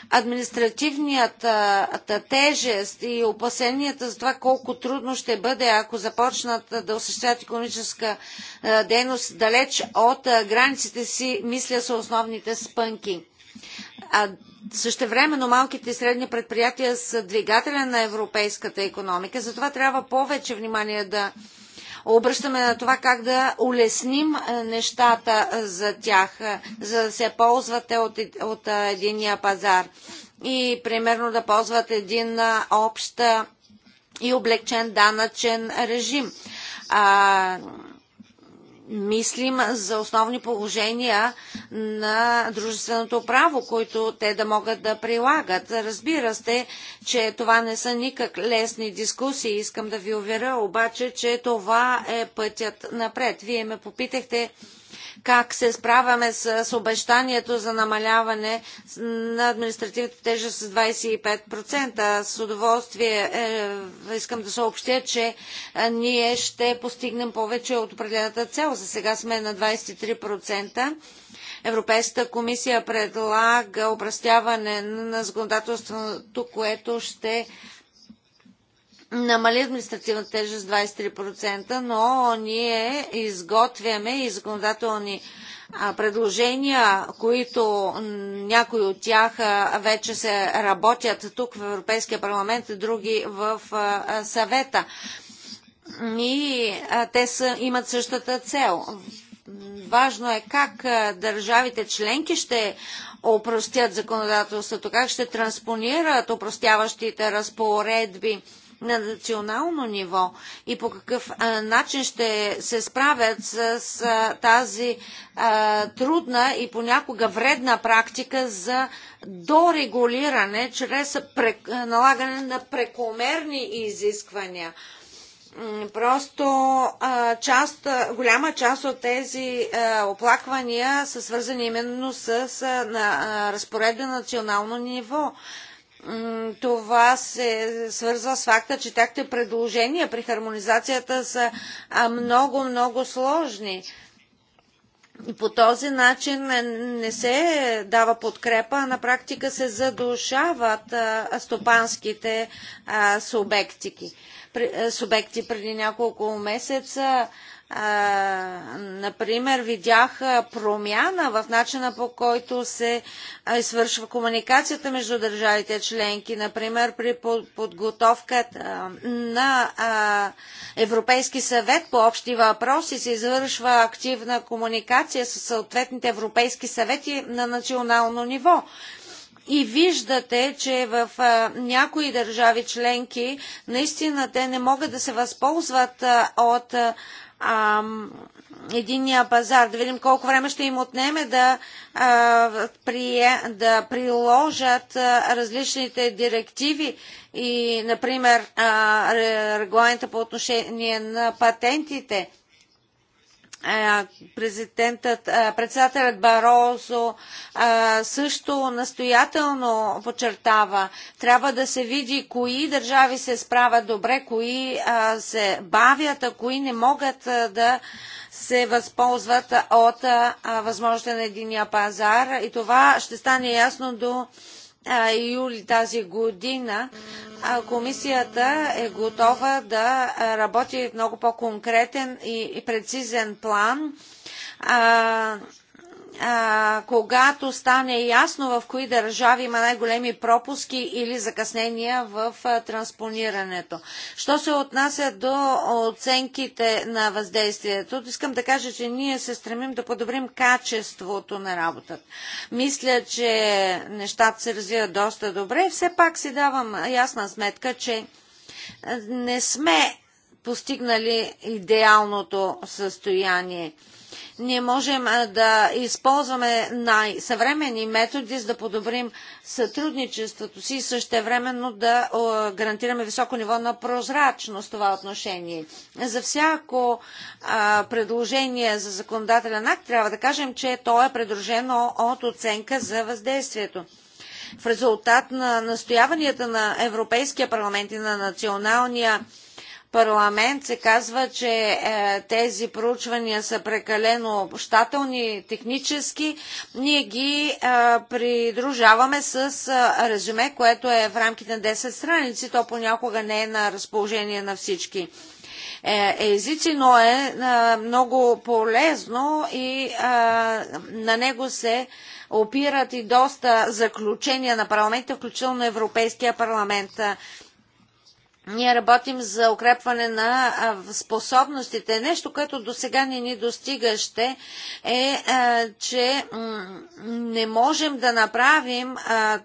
административният тежест и опасенията за това колко трудно ще бъде, ако започнат да осъществяват економическа дейност далеч от границите си, мисля са основните спънки. А същевременно малките и средни предприятия са двигателя на европейската економика, затова трябва повече внимание да обръщаме на това как да улесним е, нещата е, за тях, е, за да се ползвате от, от единия пазар. И примерно да ползват един общ и облегчен данъчен режим. А, мислим за основни положения на дружественото право, които те да могат да прилагат. Разбира се, че това не са никак лесни дискусии, искам да ви уверя, обаче, че това е пътят напред. Вие ме попитахте как се справяме с обещанието за намаляване на административната тежест с 25%. С удоволствие е, искам да съобщя, че е, ние ще постигнем повече от определената цел. За сега сме на 23%. Европейската комисия предлага обрастяване на законодателството, което ще намали административната тежест 23%, но ние изготвяме и законодателни предложения, които някои от тях вече се работят тук в Европейския парламент и други в съвета. И те са, имат същата цел. Важно е как държавите членки ще опростят законодателството, как ще транспонират опростяващите разпоредби на национално ниво и по какъв начин ще се справят с тази трудна и понякога вредна практика за дорегулиране чрез налагане на прекомерни изисквания. Просто част, голяма част от тези оплаквания са свързани именно с разпоред на национално ниво това се свързва с факта, че тяхте предложения при хармонизацията са много-много сложни. По този начин не се дава подкрепа, а на практика се задушават стопанските субекти. Преди няколко месеца например, видях промяна в начина по който се извършва комуникацията между държавите членки, например, при подготовката на Европейски съвет по общи въпроси се извършва активна комуникация с съответните европейски съвети на национално ниво. И виждате, че в а, някои държави членки наистина те не могат да се възползват а, от а, а, единния пазар. Да видим колко време ще им отнеме да, а, при, да приложат а, различните директиви и, например, а, регламента по отношение на патентите – президентът, председателят Барозо също настоятелно подчертава, трябва да се види кои държави се справят добре, кои се бавят, а кои не могат да се възползват от възможността на единия пазар. И това ще стане ясно до юли тази година комисията е готова да работи много по-конкретен и прецизен план а, когато стане ясно в кои държави има най-големи пропуски или закъснения в а, транспонирането. Що се отнася до оценките на въздействието, искам да кажа, че ние се стремим да подобрим качеството на работата. Мисля, че нещата се развиват доста добре. Все пак си давам ясна сметка, че не сме постигнали идеалното състояние. Ние можем да използваме най-съвремени методи, за да подобрим сътрудничеството си и същевременно да гарантираме високо ниво на прозрачност в това отношение. За всяко предложение за законодателен акт трябва да кажем, че то е предружено от оценка за въздействието. В резултат на настояванията на Европейския парламент и на националния парламент се казва, че е, тези проучвания са прекалено щателни, технически. Ние ги е, придружаваме с е, резюме, което е в рамките на 10 страници. То понякога не е на разположение на всички е, езици, но е а, е, много полезно и а, е, на него се опират и доста заключения на парламента, включително Европейския парламент ние работим за укрепване на способностите. Нещо, което до сега не ни достигаще е, че не можем да направим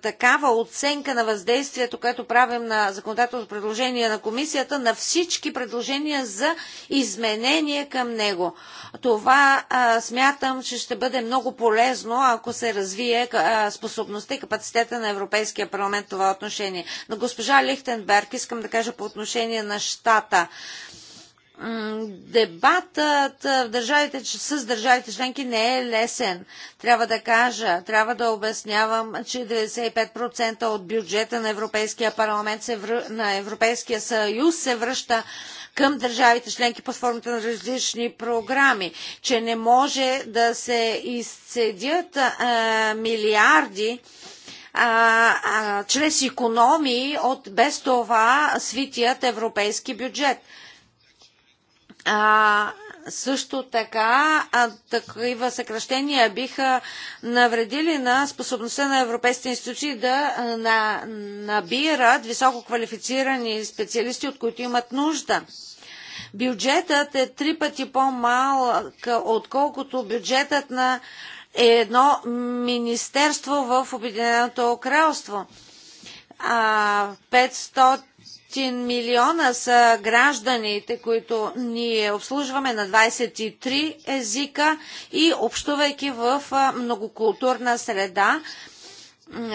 такава оценка на въздействието, което правим на законодателното предложение на комисията, на всички предложения за изменение към него. Това смятам, че ще бъде много полезно, ако се развие способността и капацитета на Европейския парламент в това отношение. На госпожа Лихтенберг искам да кажа кажа по отношение на щата. Дебатът в държавите, с държавите членки не е лесен. Трябва да кажа, трябва да обяснявам, че 95% от бюджета на Европейския парламент, на Европейския съюз се връща към държавите членки под формата на различни програми, че не може да се изцедят а, милиарди а, а, чрез економии от без това свитият европейски бюджет. А, също така а, такива съкръщения биха навредили на способността на европейските институции да на, набират високо квалифицирани специалисти, от които имат нужда. Бюджетът е три пъти по-малък, отколкото бюджетът на е едно министерство в Обединеното кралство. А, 500 милиона са гражданите, които ние обслужваме на 23 езика и общувайки в многокултурна среда,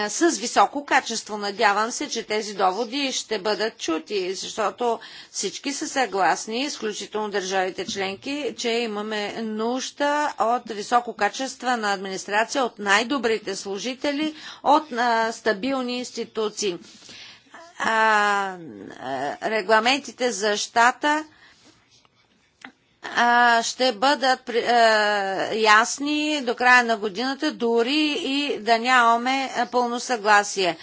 с високо качество. Надявам се, че тези доводи ще бъдат чути, защото всички са съгласни, изключително държавите членки, че имаме нужда от високо качество на администрация, от най-добрите служители, от стабилни институции. А, регламентите за щата ще бъдат ясни до края на годината, дори и да нямаме пълно съгласие.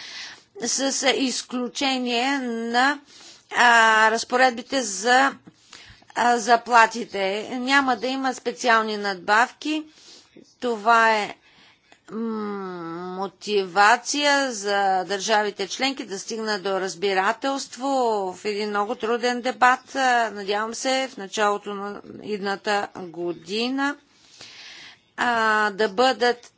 С изключение на разпоредбите за заплатите. Няма да има специални надбавки. Това е мотивация за държавите членки да стигна до разбирателство в един много труден дебат. Надявам се в началото на едната година да бъдат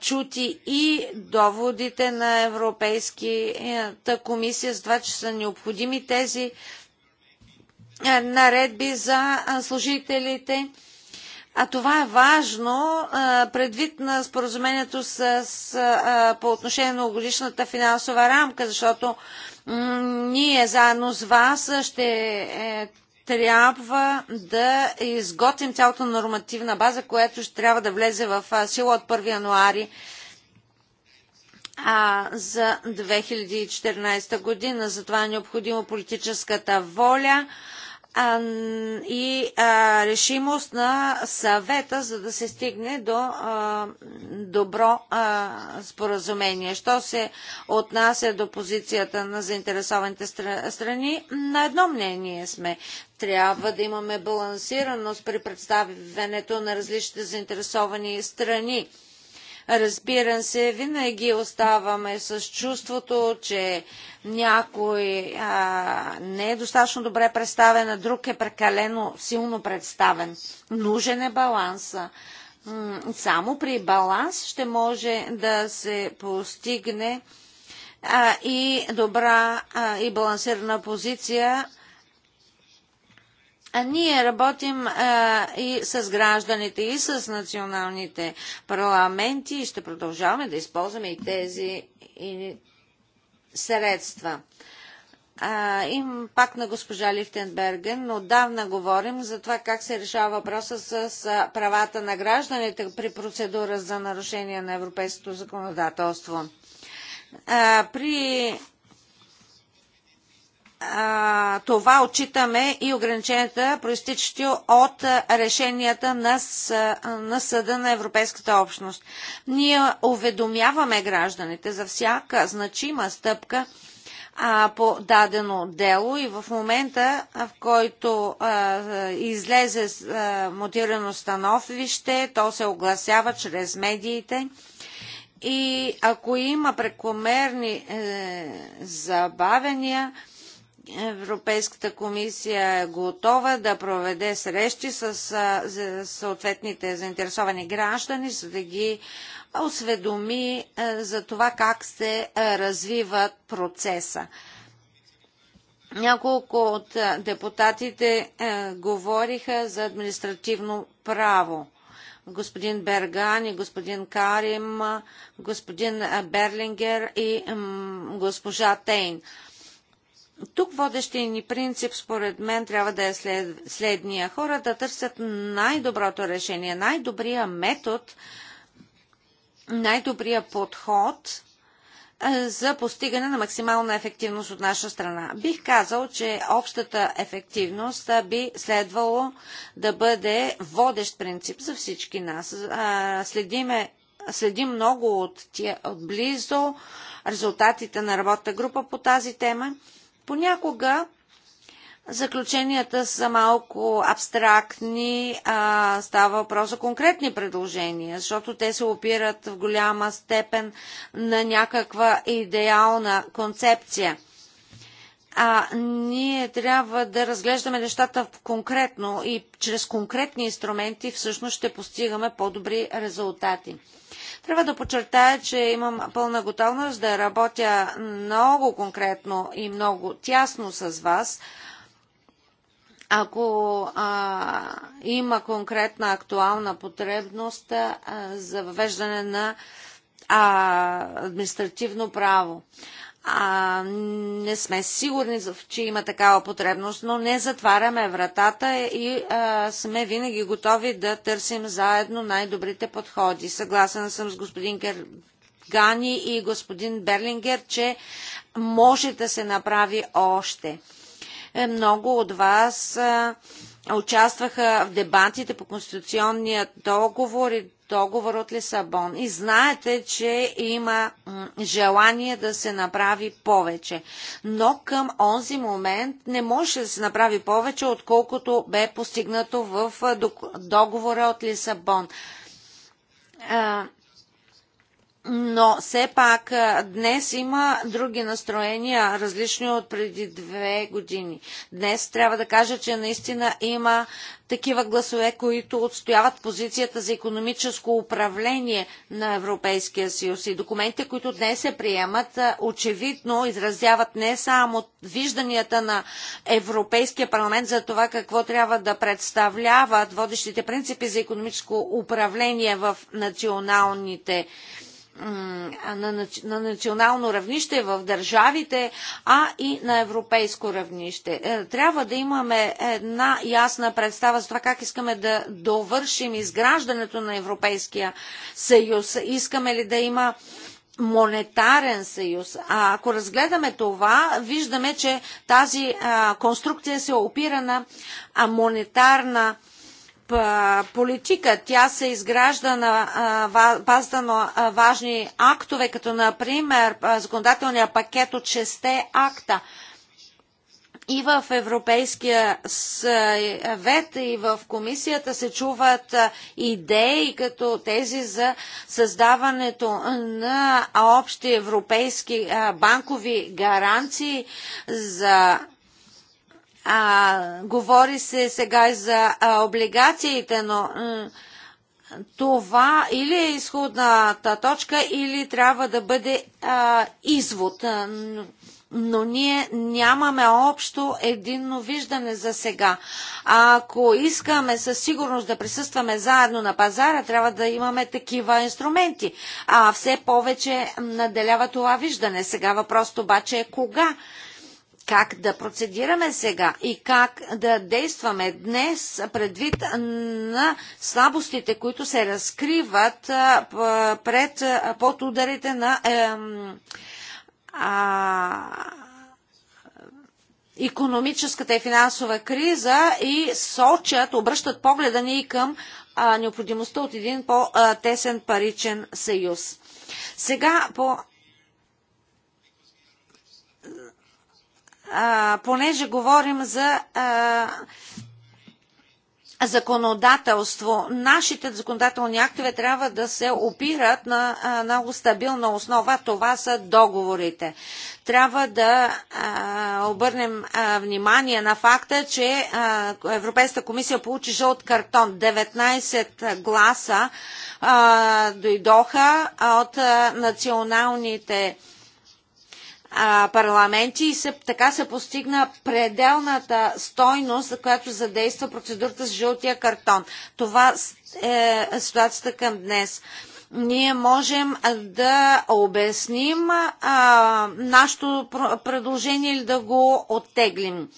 чути и доводите на Европейската комисия за това, че са необходими тези наредби за служителите а това е важно предвид на споразумението с, с, по отношение на годишната финансова рамка, защото ние заедно с вас ще е, трябва да изготвим цялата нормативна база, която ще трябва да влезе в сила от 1 януари а, за 2014 година. Затова е необходима политическата воля и решимост на съвета, за да се стигне до добро споразумение. Що се отнася до позицията на заинтересованите страни, на едно мнение сме. Трябва да имаме балансираност при представянето на различните заинтересовани страни Разбира се, винаги оставаме с чувството, че някой а, не е достатъчно добре представен, а друг е прекалено силно представен. Нужен е баланса. Само при баланс ще може да се постигне а, и добра а, и балансирана позиция ние работим а, и с гражданите, и с националните парламенти и ще продължаваме да използваме и тези и средства. А, им пак на госпожа Лихтенберген, но давна говорим за това как се решава въпроса с, с правата на гражданите при процедура за нарушение на европейското законодателство. А, при това отчитаме и ограниченията, проистичащи от решенията на, на Съда на Европейската общност. Ние уведомяваме гражданите за всяка значима стъпка а, по дадено дело и в момента, в който а, излезе а, мотирано становище, то се огласява чрез медиите. И ако има прекомерни е, забавения, е, Европейската комисия е готова да проведе срещи с съответните заинтересовани граждани, за да ги осведоми за това как се развиват процеса. Няколко от депутатите говориха за административно право господин Берган и господин Карим, господин Берлингер и госпожа Тейн. Тук водещия ни принцип, според мен, трябва да е след, следния. Хората да търсят най-доброто решение, най-добрия метод, най-добрия подход е, за постигане на максимална ефективност от наша страна. Бих казал, че общата ефективност би следвало да бъде водещ принцип за всички нас. Е, следиме следим много от тия, близо резултатите на работната група по тази тема Понякога заключенията са малко абстрактни, а става въпрос за конкретни предложения, защото те се опират в голяма степен на някаква идеална концепция. А ние трябва да разглеждаме нещата конкретно и чрез конкретни инструменти всъщност ще постигаме по-добри резултати. Трябва да подчертая, че имам пълна готовност да работя много конкретно и много тясно с вас ако а, има конкретна актуална потребност а, за въвеждане на а, административно право. А, не сме сигурни, че има такава потребност, но не затваряме вратата и а, сме винаги готови да търсим заедно най-добрите подходи. Съгласен съм с господин Кер... Гани и господин Берлингер, че може да се направи още. Е, много от вас а, участваха в дебатите по конституционния договор и договор от Лисабон. И знаете, че има желание да се направи повече. Но към онзи момент не може да се направи повече, отколкото бе постигнато в договора от Лисабон. Но все пак днес има други настроения, различни от преди две години. Днес трябва да кажа, че наистина има такива гласове, които отстояват позицията за економическо управление на Европейския съюз. И документите, които днес се приемат, очевидно изразяват не само вижданията на Европейския парламент за това какво трябва да представляват водещите принципи за економическо управление в националните на, на национално равнище в държавите, а и на европейско равнище. Е, трябва да имаме една ясна представа за това как искаме да довършим изграждането на Европейския съюз. Искаме ли да има монетарен съюз. А ако разгледаме това, виждаме, че тази а, конструкция се опира на а, монетарна а, политика. Тя се изгражда на базата на важни актове, като например законодателния пакет от 6 акта и в Европейския съвет, и в комисията се чуват идеи като тези за създаването на общи европейски банкови гаранции за а, говори се сега и за а, облигациите, но това или е изходната точка, или трябва да бъде а, извод. Но ние нямаме общо единно виждане за сега. Ако искаме със сигурност да присъстваме заедно на пазара, трябва да имаме такива инструменти. А все повече наделява това виждане. Сега въпросът обаче е кога как да процедираме сега и как да действаме днес предвид на слабостите, които се разкриват пред, под ударите на е, а, економическата и финансова криза и сочат, обръщат погледа ни към а, необходимостта от един по-тесен паричен съюз. Сега по понеже говорим за законодателство. Нашите законодателни актове трябва да се опират на много стабилна основа. Това са договорите. Трябва да обърнем внимание на факта, че Европейска Европейската комисия получи жълт картон. 19 гласа дойдоха от националните парламенти и се, така се постигна пределната стойност, която задейства процедурата с жълтия картон. Това е, е ситуацията към днес ние можем да обясним а, нашето предложение или да го оттеглим.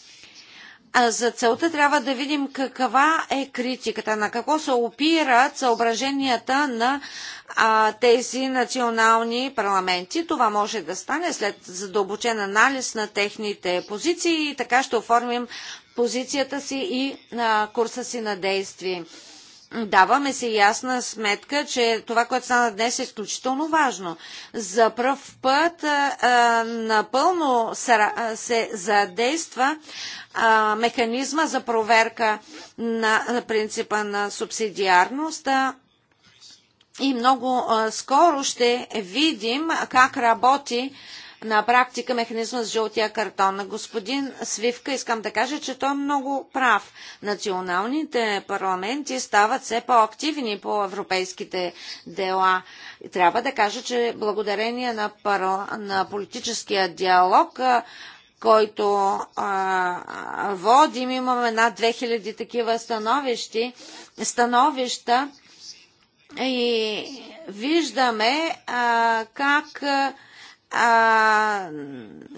За целта трябва да видим каква е критиката, на какво се опират съображенията на а, тези национални парламенти. Това може да стане след задълбочен анализ на техните позиции и така ще оформим позицията си и а, курса си на действие. Даваме се ясна сметка, че това, което стана днес е изключително важно. За пръв път напълно се, задейства механизма за проверка на, принципа на субсидиарността и много скоро ще видим как работи а, на практика механизма с жълтия картон. На господин Свивка искам да кажа, че той е много прав. Националните парламенти стават все по-активни по европейските дела. И трябва да кажа, че благодарение на, парла... на политическия диалог който а, водим, имаме над 2000 такива становищи, становища и виждаме а, как а, а,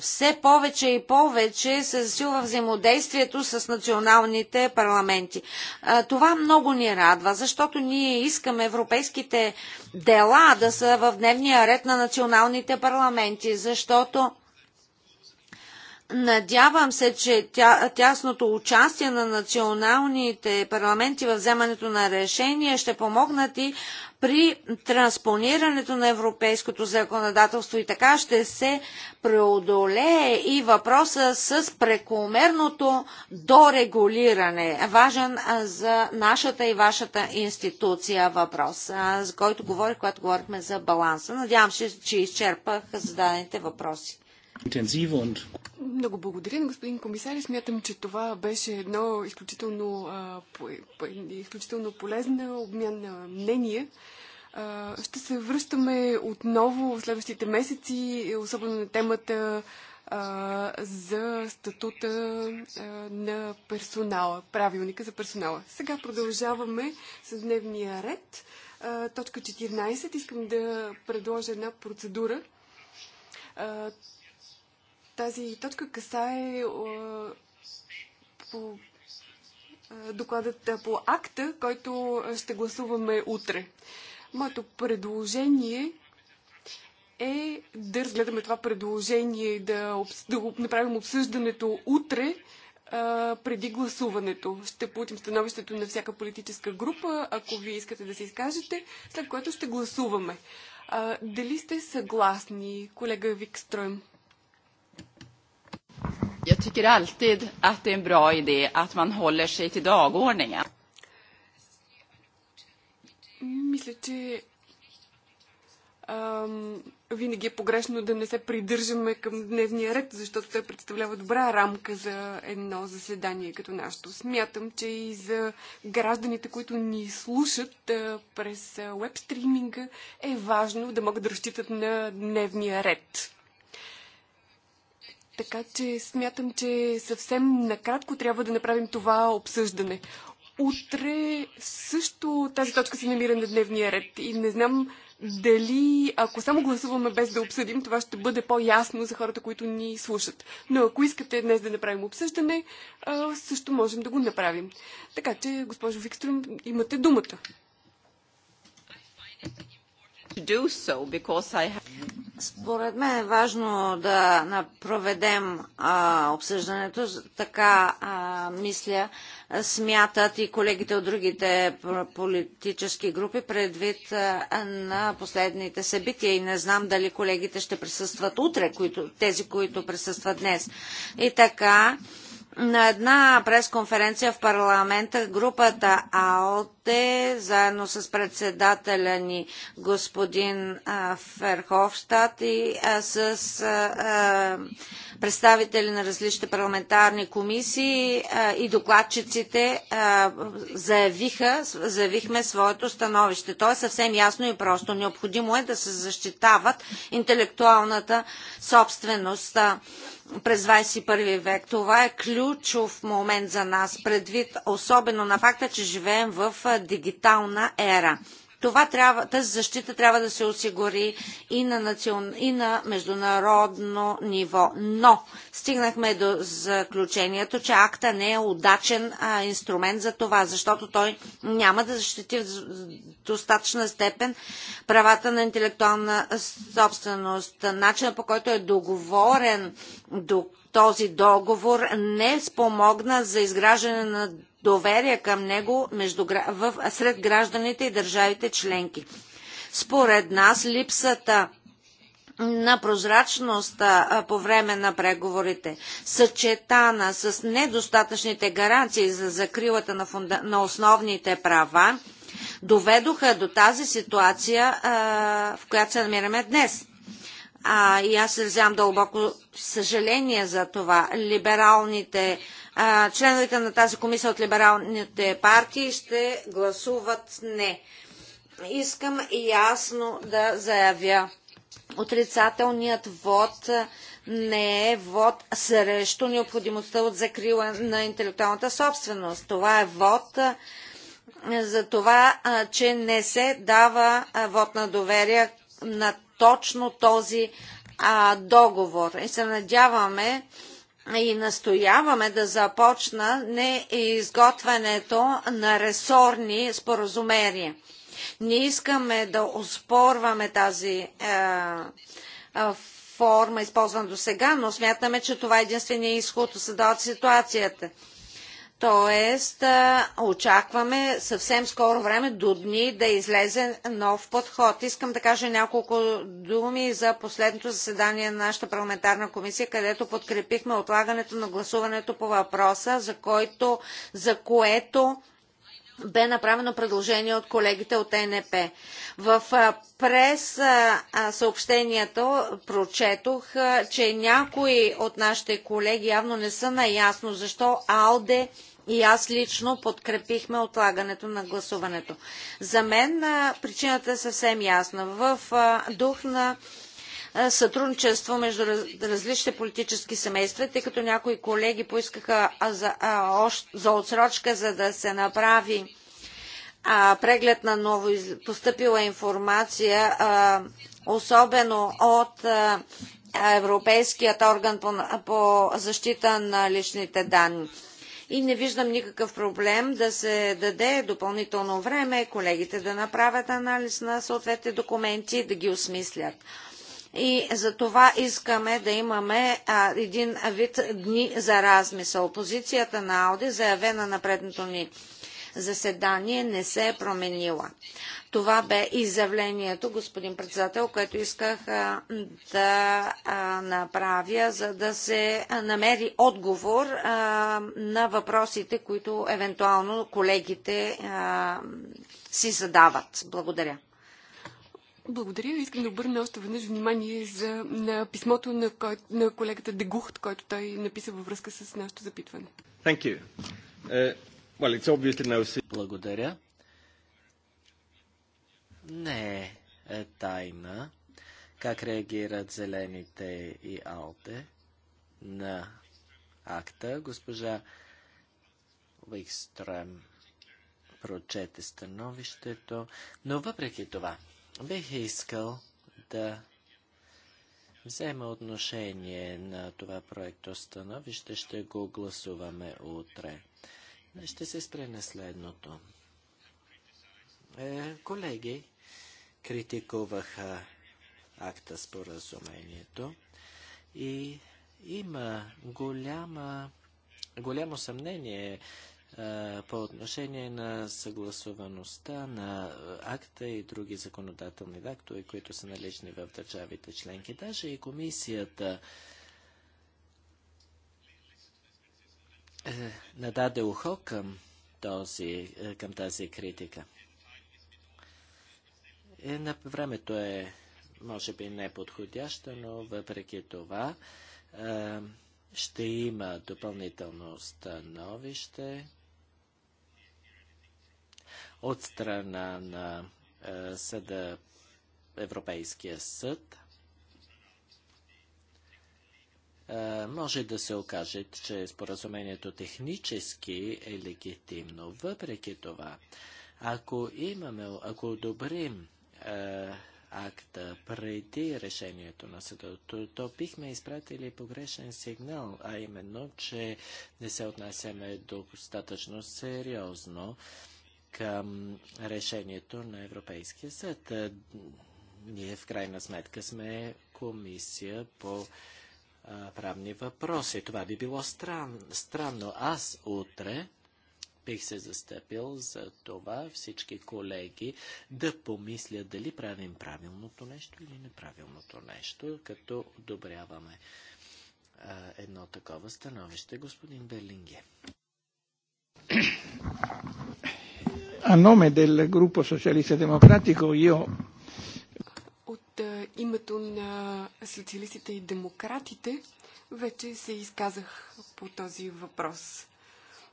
все повече и повече се засилва взаимодействието с националните парламенти. А, това много ни радва, защото ние искаме европейските дела да са в дневния ред на националните парламенти, защото Надявам се, че тя, тясното участие на националните парламенти в вземането на решения ще помогнат и при транспонирането на европейското законодателство и така ще се преодолее и въпроса с прекомерното дорегулиране. Важен за нашата и вашата институция въпрос, за който говорих, когато говорихме за баланса. Надявам се, че изчерпах зададените въпроси интензива и много благодаря на господин комисар. Смятам, че това беше едно изключително, а, по, по, изключително полезна обмян на мнение. А, ще се връщаме отново в следващите месеци, особено на темата а, за статута а, на персонала, правилника за персонала. Сега продължаваме с дневния ред. А, точка 14. Искам да предложа една процедура тази точка касае по докладът по акта, който ще гласуваме утре. Моето предложение е да разгледаме това предложение и да, да направим обсъждането утре преди гласуването. Ще получим становището на всяка политическа група, ако вие искате да се изкажете, след което ще гласуваме. дали сте съгласни, колега Викстройм? Jag tycker alltid att det är en bra idé att man håller sig till dagordningen. Мисля, че винаги е погрешно да не се придържаме към дневния ред, защото той представлява добра рамка за едно заседание като нашето. Смятам, че и за гражданите, които ни слушат а, през веб-стриминга, е важно да могат да разчитат на дневния ред. Така че смятам, че съвсем накратко трябва да направим това обсъждане. Утре също тази точка се намира на дневния ред и не знам дали, ако само гласуваме без да обсъдим, това ще бъде по-ясно за хората, които ни слушат. Но ако искате днес да направим обсъждане, също можем да го направим. Така че, госпожо Викстрюм, имате думата. Според мен е важно да проведем обсъждането, така мисля, смятат и колегите от другите политически групи предвид на последните събития и не знам дали колегите ще присъстват утре, тези, които присъстват днес. И така, на една пресконференция в парламента групата АОТ заедно с председателя ни господин Ферховстат и с представители на различните парламентарни комисии и докладчиците заявиха, заявихме своето становище. То е съвсем ясно и просто. Необходимо е да се защитават интелектуалната собственост през 21 век. Това е ключов момент за нас, предвид особено на факта, че живеем в дигитална ера. Това трябва, тази защита трябва да се осигури и на, национ... и на международно ниво. Но стигнахме до заключението, че акта не е удачен а, инструмент за това, защото той няма да защити в достатъчна степен правата на интелектуална собственост. Начина по който е договорен до този договор не спомогна за изграждане на доверие към него между, в, сред гражданите и държавите членки. Според нас липсата на прозрачност по време на преговорите, съчетана с недостатъчните гаранции за закрилата на, фунда... на основните права, доведоха до тази ситуация, в която се намираме днес. А, и аз изразявам дълбоко съжаление за това. Либералните, а, членовете на тази комисия от либералните партии ще гласуват не. Искам ясно да заявя. Отрицателният вод не е вод срещу необходимостта от закрила на интелектуалната собственост. Това е вод за това, че не се дава вод на доверие на точно този а, договор. И се надяваме и настояваме да започна не изготвянето на ресорни споразумения. Не искаме да оспорваме тази а, е, а, е, форма, използвана до сега, но смятаме, че това е единствения изход от ситуацията. Тоест, очакваме съвсем скоро време до дни да излезе нов подход. Искам да кажа няколко думи за последното заседание на нашата парламентарна комисия, където подкрепихме отлагането на гласуването по въпроса, за, който, за което бе направено предложение от колегите от НП. В прес съобщението прочетох, че някои от нашите колеги явно не са наясно защо АЛДЕ и аз лично подкрепихме отлагането на гласуването. За мен причината е съвсем ясна. В дух на сътрудничество между различните политически семейства, тъй като някои колеги поискаха за, отсрочка, за да се направи преглед на ново поступила информация, особено от Европейският орган по, по защита на личните данни и не виждам никакъв проблем да се даде допълнително време колегите да направят анализ на съответните документи и да ги осмислят и за това искаме да имаме а, един вид дни за размисъл. Позицията на Ауди, заявена на предното ни заседание, не се е променила. Това бе изявлението, господин председател, което исках а, да а, направя, за да се намери отговор а, на въпросите, които евентуално колегите си задават. Благодаря. Благодаря. Искам да обърна още веднъж внимание за, на писмото на, кой, на колегата Дегухт, който той написа във връзка с нашето запитване. Thank you. Uh, well, it's obviously no... Благодаря. Не е, е тайна как реагират зелените и алте на акта. Госпожа Викстрем прочете становището, но въпреки това Бих искал да взема отношение на това проекто становище. Ще го гласуваме утре. Ще се спре на следното. Е, колеги критикуваха акта споразумението и има голяма, голямо съмнение по отношение на съгласуваността на акта и други законодателни актове, които са налични в държавите членки. Даже и комисията е, нададе ухо към, този, е, към тази критика. Е, на времето е, може би, неподходящо, но въпреки това е, ще има допълнително становище от страна на е, съда Европейския съд. Е, може да се окаже, че споразумението технически е легитимно. Въпреки това, ако имаме, ако одобрим е, акта преди решението на съда, то, то бихме изпратили погрешен сигнал, а именно, че не се отнасяме достатъчно сериозно към решението на Европейския съд. Ние в крайна сметка сме комисия по правни въпроси. Това би било стран, странно. Аз утре бих се застъпил за това всички колеги да помислят дали правим правилното нещо или неправилното нещо, като одобряваме едно такова становище, господин Берлинге. A nome del Gruppo Socialista Democratico io от е, името на социалистите и демократите вече се изказах по този въпрос.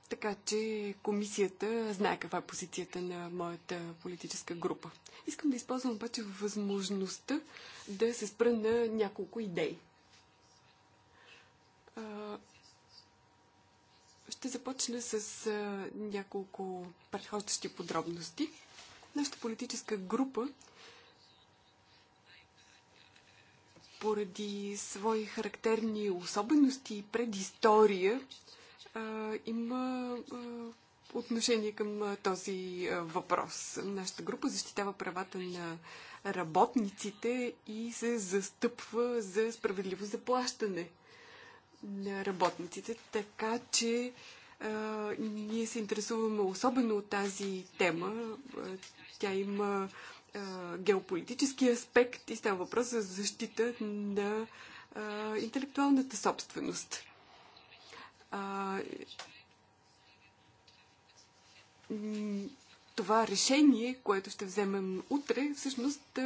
Така че комисията знае каква е позицията на моята политическа група. Искам да използвам обаче възможността да се спра на няколко идеи. Ще започна с а, няколко предхождащи подробности. Нашата политическа група поради свои характерни особености и предистория а, има а, отношение към а, този а, въпрос. Нашата група защитава правата на работниците и се застъпва за справедливо заплащане на работниците, така че а, ние се интересуваме особено от тази тема. Тя има а, геополитически аспект и става въпрос за защита на а, интелектуалната собственост. А, това решение, което ще вземем утре, всъщност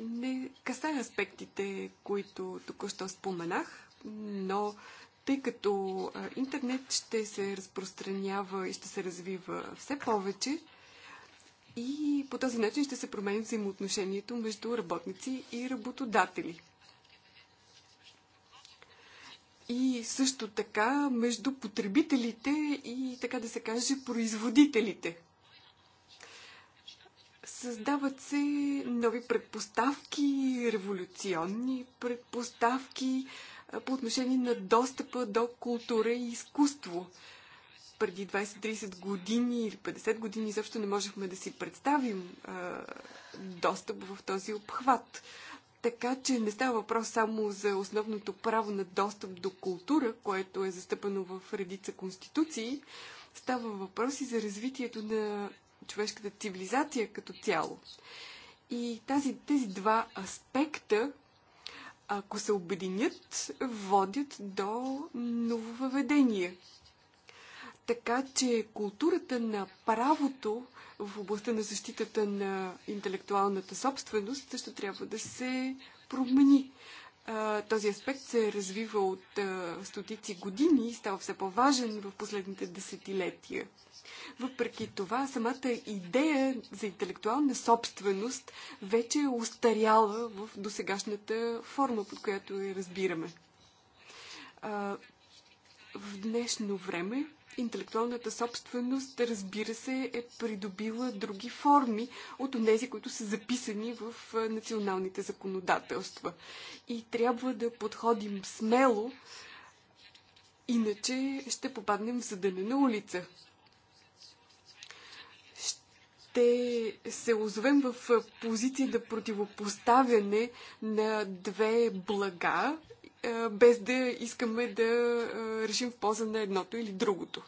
не касае аспектите, които току-що споменах но тъй като интернет ще се разпространява и ще се развива все повече, и по този начин ще се промени взаимоотношението между работници и работодатели. И също така между потребителите и, така да се каже, производителите. Създават се нови предпоставки, революционни предпоставки, по отношение на достъпа до култура и изкуство. Преди 20-30 години или 50 години изобщо не можехме да си представим а, достъп в този обхват. Така че не става въпрос само за основното право на достъп до култура, което е застъпено в редица конституции. Става въпрос и за развитието на човешката цивилизация като цяло. И тази, тези два аспекта ако се обединят, водят до нововъведение. Така че културата на правото в областта на защитата на интелектуалната собственост също трябва да се промени. Този аспект се е развива от стотици години и става все по-важен в последните десетилетия. Въпреки това, самата идея за интелектуална собственост вече е устаряла в досегашната форма, под която я разбираме. В днешно време интелектуалната собственост, разбира се, е придобила други форми от тези, които са записани в националните законодателства. И трябва да подходим смело, иначе ще попаднем в на улица. Ще се озовем в позиция на противопоставяне на две блага е, без да искаме да е, решим в полза на едното или другото.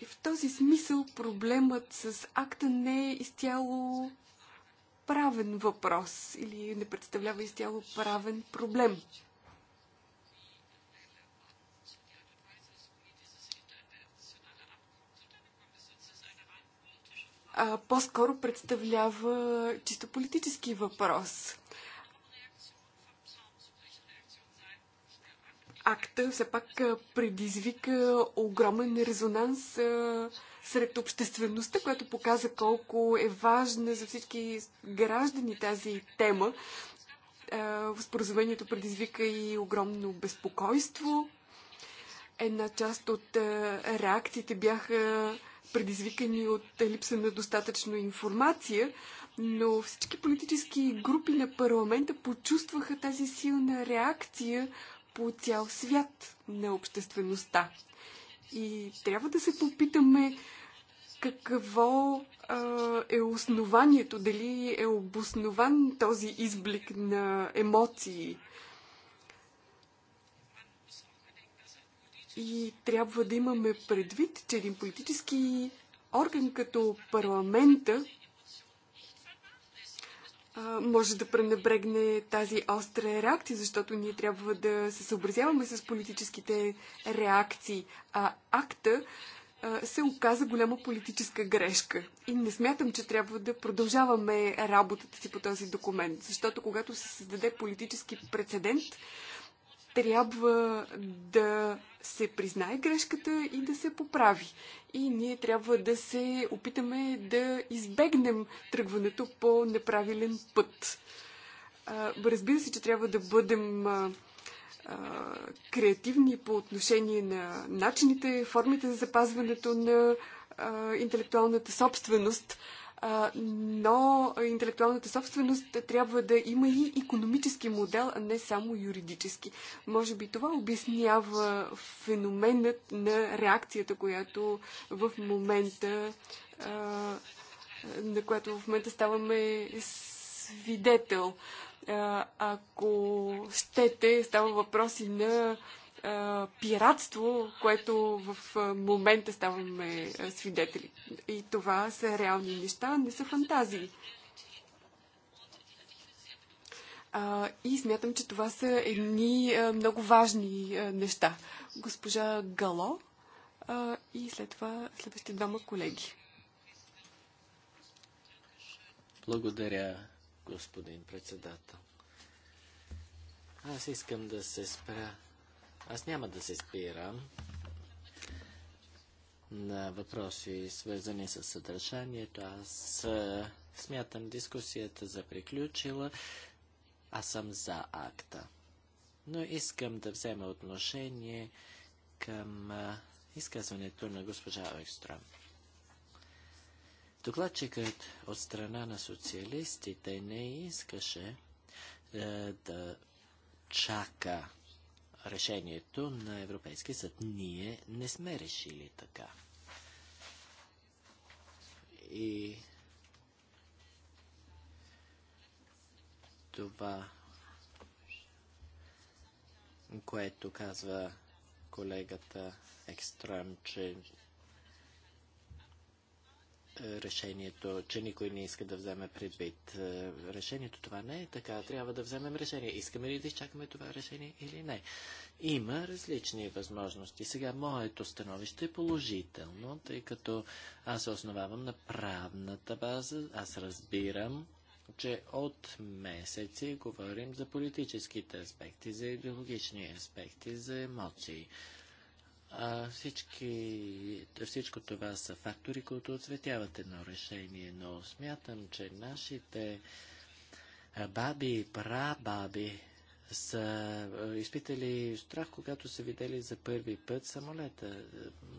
И в този смисъл проблемът с акта не е изцяло правен въпрос или не представлява изцяло правен проблем. а по-скоро представлява чисто политически въпрос. Акта все пак предизвика огромен резонанс а, сред обществеността, което показа колко е важна за всички граждани тази тема. А, споразумението предизвика и огромно безпокойство. Една част от а, реакциите бяха предизвикани от е, липса на достатъчно информация, но всички политически групи на парламента почувстваха тази силна реакция по цял свят на обществеността. И трябва да се попитаме какво а, е основанието, дали е обоснован този изблик на емоции И трябва да имаме предвид, че един политически орган като парламента може да пренебрегне тази остра реакция, защото ние трябва да се съобразяваме с политическите реакции. А акта се оказа голяма политическа грешка. И не смятам, че трябва да продължаваме работата си по този документ, защото когато се създаде политически прецедент, трябва да се признае грешката и да се поправи. И ние трябва да се опитаме да избегнем тръгването по неправилен път. Разбира се, че трябва да бъдем креативни по отношение на начините, формите за запазването на интелектуалната собственост но интелектуалната собственост трябва да има и економически модел, а не само юридически. Може би това обяснява феноменът на реакцията, която в момента на която в момента ставаме свидетел. Ако щете, става въпроси на пиратство, което в момента ставаме свидетели. И това са реални неща, не са фантазии. и смятам, че това са едни много важни неща. Госпожа Гало и след това следващите двама колеги. Благодаря, господин председател. Аз искам да се спра аз няма да се спирам на въпроси, свързани с съдържанието. Аз смятам дискусията за приключила. Аз съм за акта. Но искам да взема отношение към изказването на госпожа Екстрам. Докладчикът от страна на социалистите не искаше да чака решението на Европейския съд. Ние не сме решили така. И това, което казва колегата Екстрем, че решението, че никой не иска да вземе предвид е, решението. Това не е така. Трябва да вземем решение. Искаме ли да изчакаме това решение или не? Има различни възможности. Сега моето становище е положително, тъй като аз се основавам на правната база. Аз разбирам, че от месеци говорим за политическите аспекти, за идеологични аспекти, за емоции. А, всички, всичко това са фактори, които отцветяват едно решение, но смятам, че нашите баби и прабаби са изпитали страх, когато са видели за първи път самолета.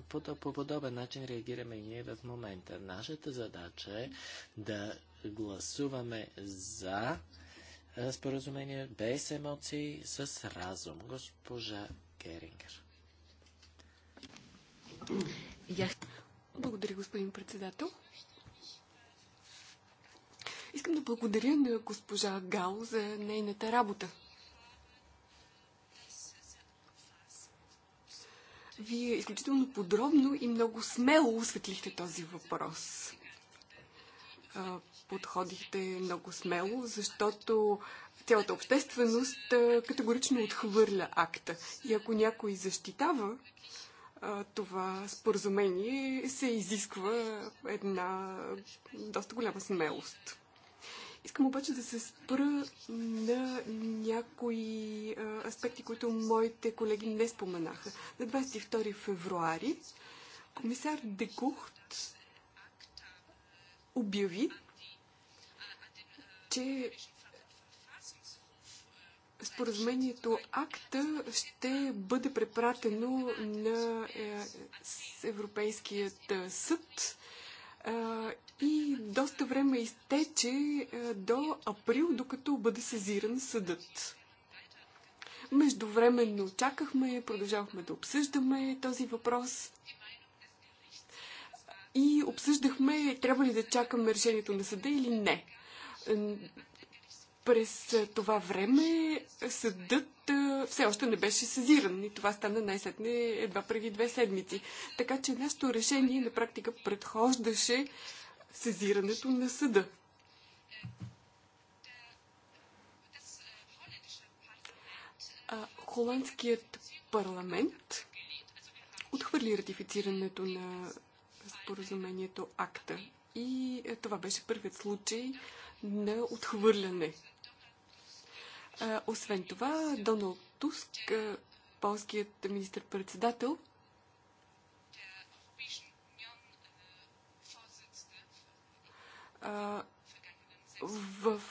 По, по подобен начин реагираме и ние в момента. Нашата задача е да гласуваме за споразумение без емоции, с разум. Госпожа Керингер. Благодаря, господин председател. Искам да благодаря на госпожа Гал за нейната работа. Вие изключително подробно и много смело осветлихте този въпрос. Подходихте много смело, защото цялата общественост категорично отхвърля акта. И ако някой защитава това споразумение се изисква една доста голяма смелост. Искам обаче да се спра на някои аспекти, които моите колеги не споменаха. На 22 февруари комисар Декухт обяви, че Споразумението акта ще бъде препратено на е, Европейският е, съд и доста време изтече е, до април, докато бъде сезиран съдът. Междувременно чакахме, продължавахме да обсъждаме този въпрос и обсъждахме трябва ли да чакаме решението на съда или не. През това време съдът все още не беше сезиран и това стана най-сетне едва преди две седмици. Така че нашето решение на практика предхождаше сезирането на съда. холандският парламент отхвърли ратифицирането на споразумението АКТА. И е, това беше първият случай на отхвърляне освен това, Доналд Туск, полският министр-председател, в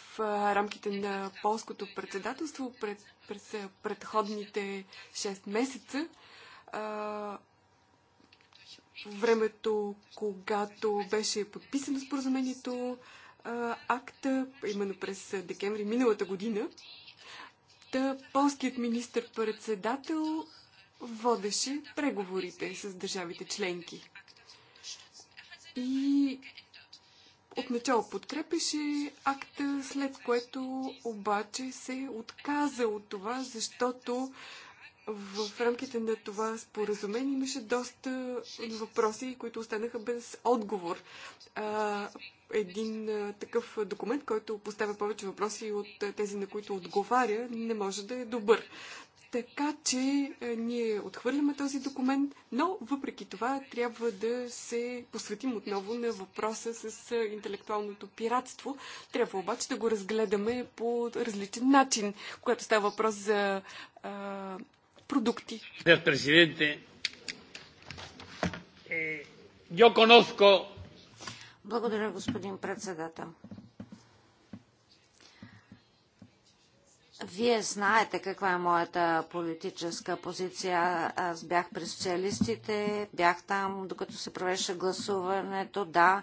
рамките на полското председателство пред, през предходните 6 месеца времето, когато беше подписано споразумението, акта, именно през декември миналата година, Та полският министр-председател водеше преговорите с държавите членки. И отначало подкрепеше акта, след което обаче се отказа от това, защото в рамките на това споразумение имаше доста въпроси, които останаха без отговор. А, един такъв документ, който поставя повече въпроси от тези, на които отговаря, не може да е добър. Така че ние отхвърляме този документ, но въпреки това трябва да се посветим отново на въпроса с интелектуалното пиратство. Трябва обаче да го разгледаме по различен начин, когато става въпрос за а, продукти. Президенте, eh, yo благодаря, господин председател. Вие знаете каква е моята политическа позиция. Аз бях при социалистите, бях там, докато се провеше гласуването. Да,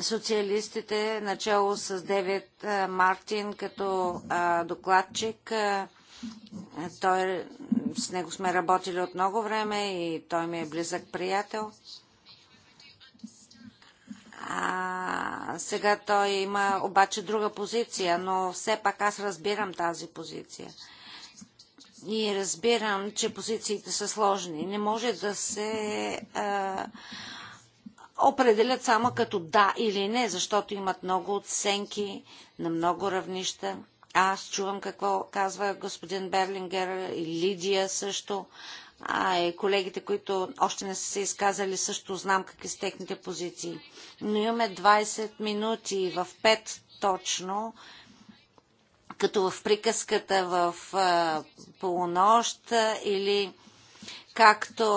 социалистите, начало с Девет Мартин като а, докладчик. А, той, с него сме работили от много време и той ми е близък приятел. А, сега той има обаче друга позиция, но все пак аз разбирам тази позиция. И разбирам, че позициите са сложни. Не може да се а, определят само като да или не, защото имат много оценки на много равнища. Аз чувам какво казва господин Берлингер и Лидия също а и колегите, които още не са се изказали, също знам какви са техните позиции. Но имаме 20 минути в 5 точно, като в приказката в а, полунощ или както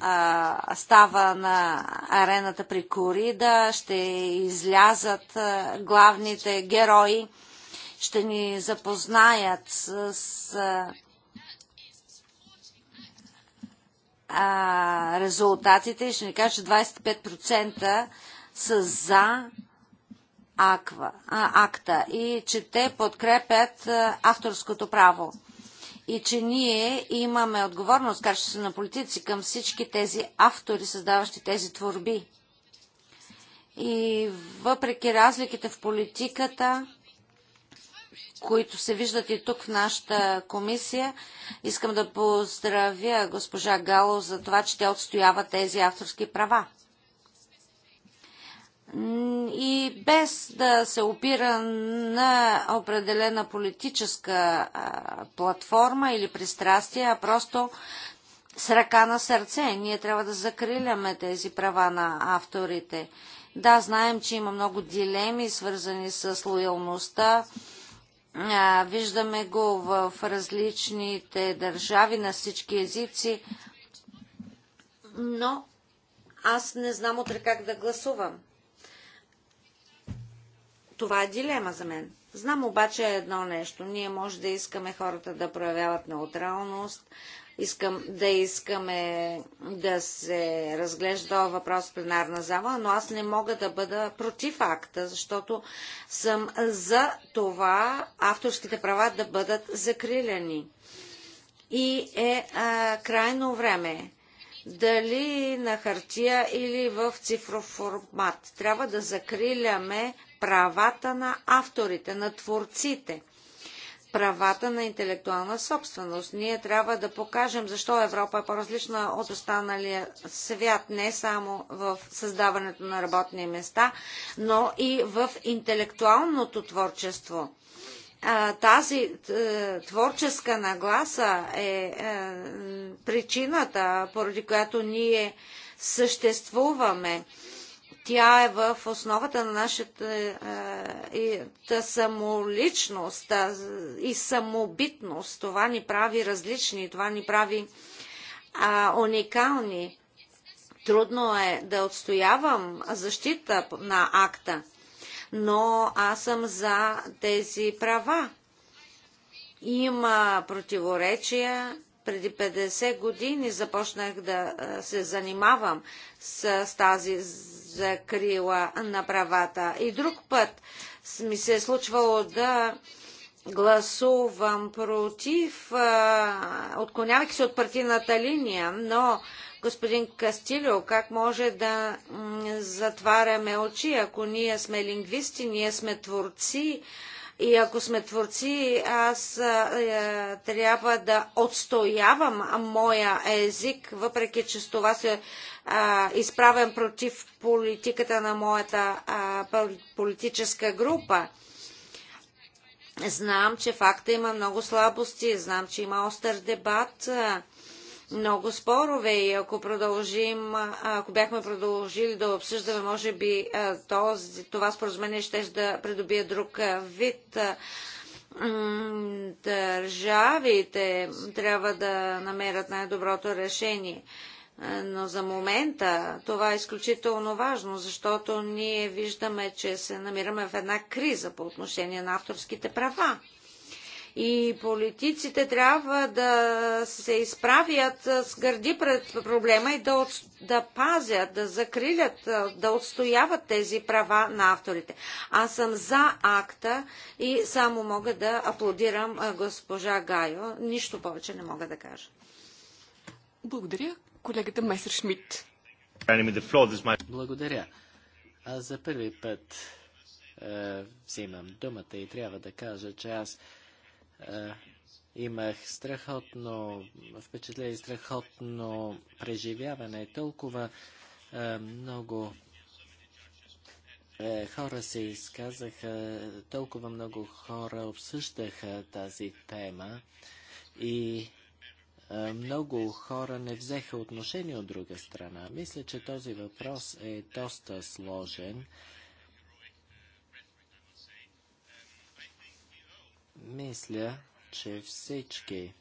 а, става на арената при Корида, ще излязат а, главните герои, ще ни запознаят с, с а, резултатите и ще ни кажа, че 25% са за аква, а, акта и че те подкрепят а, авторското право. И че ние имаме отговорност, качество на политици, към всички тези автори, създаващи тези творби. И въпреки разликите в политиката, които се виждат и тук в нашата комисия. Искам да поздравя госпожа Гало за това, че тя отстоява тези авторски права. И без да се опира на определена политическа платформа или пристрастие, а просто с ръка на сърце. Ние трябва да закриляме тези права на авторите. Да, знаем, че има много дилеми, свързани с лоялността виждаме го в различните държави на всички езици, но аз не знам утре как да гласувам. Това е дилема за мен. Знам обаче едно нещо. Ние може да искаме хората да проявяват неутралност, искам, да искаме да се разглежда този въпрос в пленарна зала, но аз не мога да бъда против акта, защото съм за това авторските права да бъдат закриляни. И е а, крайно време дали на хартия или в цифров формат. Трябва да закриляме правата на авторите, на творците – правата на интелектуална собственост. Ние трябва да покажем защо Европа е по-различна от останалия свят, не само в създаването на работни места, но и в интелектуалното творчество. Тази е, творческа нагласа е, е причината, поради която ние съществуваме. Тя е в основата на нашата е, самоличност и самобитност. Това ни прави различни, това ни прави а, уникални. Трудно е да отстоявам защита на акта, но аз съм за тези права. Има противоречия. Преди 50 години започнах да е, се занимавам с тази закрила на правата. И друг път ми се е случвало да гласувам против, отклонявайки се от партийната линия, но господин Кастилио, как може да затваряме очи, ако ние сме лингвисти, ние сме творци, и ако сме творци, аз е, трябва да отстоявам моя език, въпреки че с това се изправен против политиката на моята политическа група. Знам, че факта има много слабости, знам, че има остър дебат, много спорове и ако продължим, ако бяхме продължили да обсъждаме, може би този, това споразумение ще да придобие друг вид. Държавите трябва да намерят най-доброто решение. Е, но за момента това е изключително важно, защото ние виждаме, че се намираме в една криза по отношение на авторските права. И политиците трябва да се изправят е, с гърди пред проблема и да, от, да пазят, да закрилят, е, да отстояват тези права на авторите. Аз съм за акта и само мога да аплодирам госпожа Гайо. Нищо повече не мога да кажа. Благодаря колегата Месер Шмидт. Благодаря. Аз за първи път е, взимам думата и трябва да кажа, че аз е, имах страхотно впечатление, страхотно преживяване. Толкова е, много е, хора се изказаха, толкова много хора обсъждаха тази тема и е, много хора не взеха отношение от друга страна. Мисля, че този въпрос е доста сложен. Мисля, че всички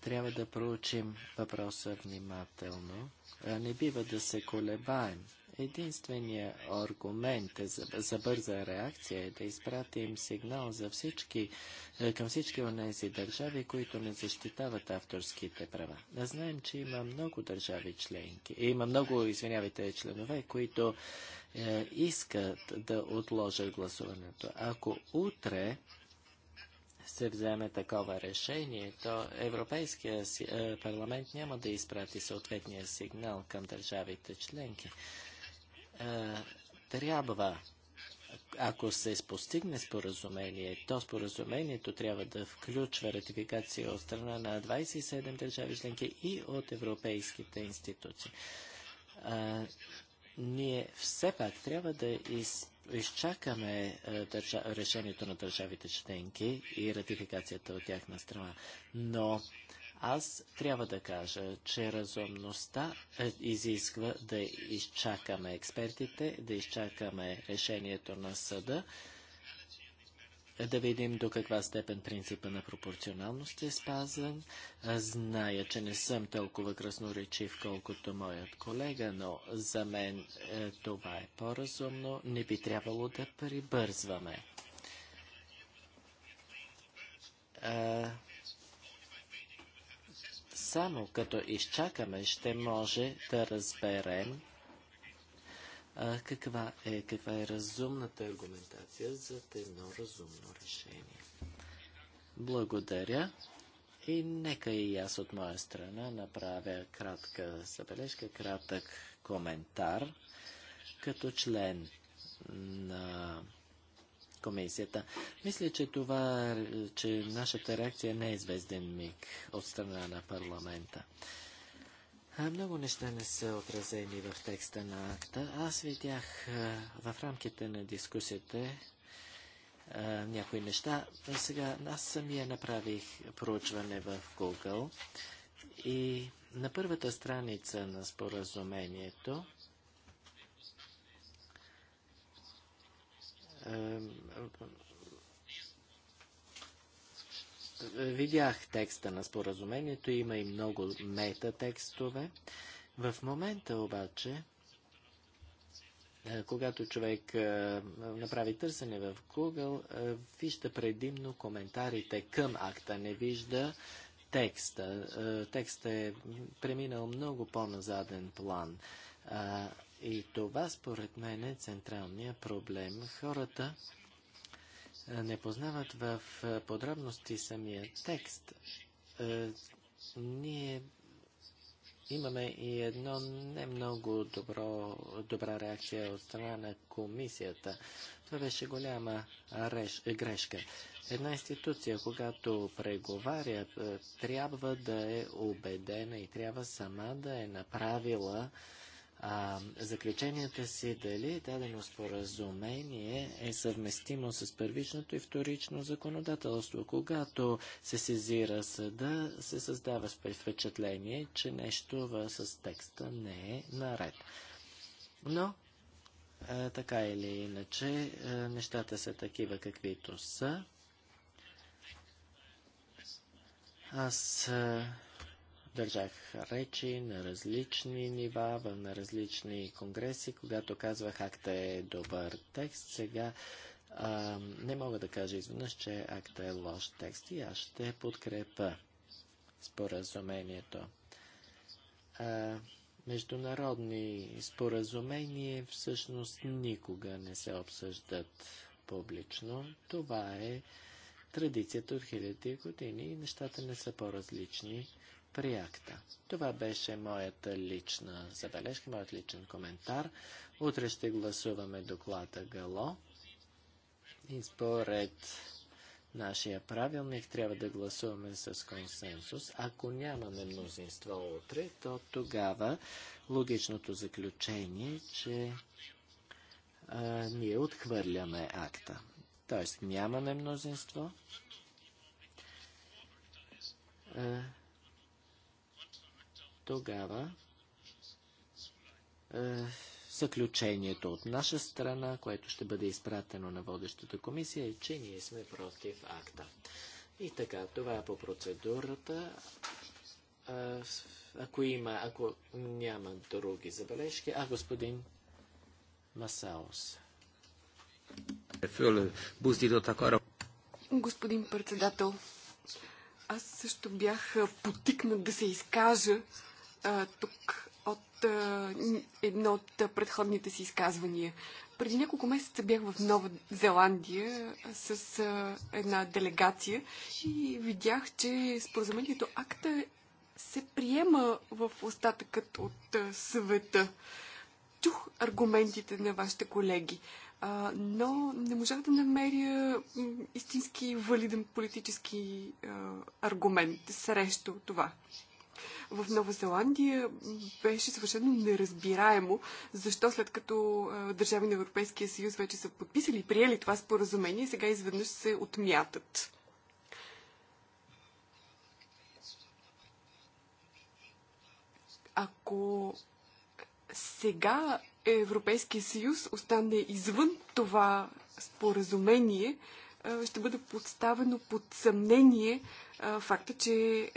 трябва да проучим въпроса внимателно. Е, не бива да се колебаем. Единствения аргумент за, за бърза реакция е да изпратим сигнал за всички, е, към всички от тези държави, които не защитават авторските права. знаем, че има много държави членки, има много, извинявайте, членове, които е, искат да отложат гласуването. Ако утре се вземе такова решение, то Европейския е, парламент няма да изпрати съответния сигнал към държавите членки. Е, трябва, ако се постигне споразумение, то споразумението трябва да включва ратификация от страна на 27 държави членки и от европейските институции. А, е, ние все пак трябва да из, изчакаме е, държа, решението на държавите членки и ратификацията от тяхна страна. Но аз трябва да кажа, че разумността е, изисква да изчакаме експертите, да изчакаме решението на съда, да видим до каква степен принципа на пропорционалност е спазен. Аз зная, че не съм толкова красноречив, колкото моят колега, но за мен е, това е по-разумно. Не би трябвало да прибързваме. Е, само като изчакаме, ще може да разберем а, каква, е, каква е разумната аргументация за едно разумно решение. Благодаря. И нека и аз от моя страна направя кратка забележка, кратък коментар. Като член на комисията. Мисля, че това, че нашата реакция не е известен миг от страна на парламента. А, много неща не са отразени в текста на акта. Аз видях в рамките на дискусията някои неща. Сега аз самия направих проучване в Google и на първата страница на споразумението Е, видях текста на споразумението, има и много метатекстове. В момента обаче, е, когато човек е, направи търсене в Google, вижда предимно коментарите към акта, не вижда текста. Текстът е преминал много по-назаден план. И това, според мен, е централният проблем. Хората не познават в подробности самия текст. ние имаме и едно не много добро, добра реакция от страна на комисията. Това беше голяма реш, грешка. Една институция, когато преговаря, трябва да е убедена и трябва сама да е направила а, заключенията си дали дадено споразумение е съвместимо с първичното и вторично законодателство. Когато се сезира съда, се създава впечатление, че нещо с текста не е наред. Но, а, така или иначе, а, нещата са такива каквито са. Аз а, Държах речи на различни нива, на различни конгреси, когато казвах акта е добър текст, сега а, не мога да кажа изведнъж, че акта е лош текст и аз ще подкрепа споразумението. А, международни споразумения всъщност никога не се обсъждат публично. Това е традицията от хиляди години и нещата не са по-различни при Това беше моята лична забележка, моят личен коментар. Утре ще гласуваме доклада Гало. И според нашия правилник трябва да гласуваме с консенсус. Ако нямаме мнозинство утре, то тогава логичното заключение, че а, ние отхвърляме акта. Тоест нямаме мнозинство. А, тогава е, съключението от наша страна, което ще бъде изпратено на водещата комисия, е, че ние сме против акта. И така, това е по процедурата. Е, ако има, ако няма други забележки, а господин Масаос. Господин председател, аз също бях е, потикнат да се изкажа а, тук от а, едно от предходните си изказвания. Преди няколко месеца бях в Нова Зеландия с а, една делегация и видях, че споразумението акта се приема в остатъкът от а, съвета. Чух аргументите на вашите колеги, а, но не можах да намеря истински валиден политически а, аргумент срещу това. В Нова Зеландия беше съвършено неразбираемо, защо след като държави на Европейския съюз вече са подписали и приели това споразумение, сега изведнъж се отмятат. Ако сега Европейския съюз остане извън това споразумение, ще бъде подставено под съмнение факта, че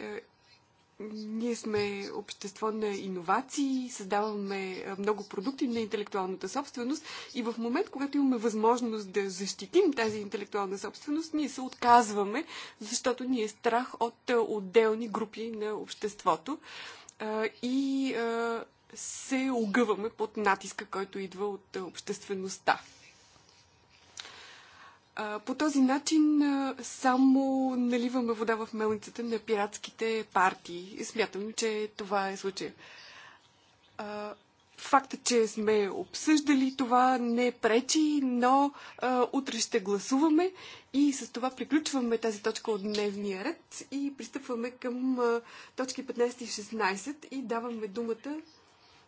ние сме общество на иновации, създаваме много продукти на интелектуалната собственост и в момент, когато имаме възможност да защитим тази интелектуална собственост, ние се отказваме, защото ни е страх от отделни групи на обществото и се огъваме под натиска, който идва от обществеността по този начин а, само наливаме вода в мелницата на пиратските партии. Смятам, че това е случай. А, факта, че сме обсъждали това не пречи, но а, утре ще гласуваме и с това приключваме тази точка от дневния ред и пристъпваме към а, точки 15 и 16 и даваме думата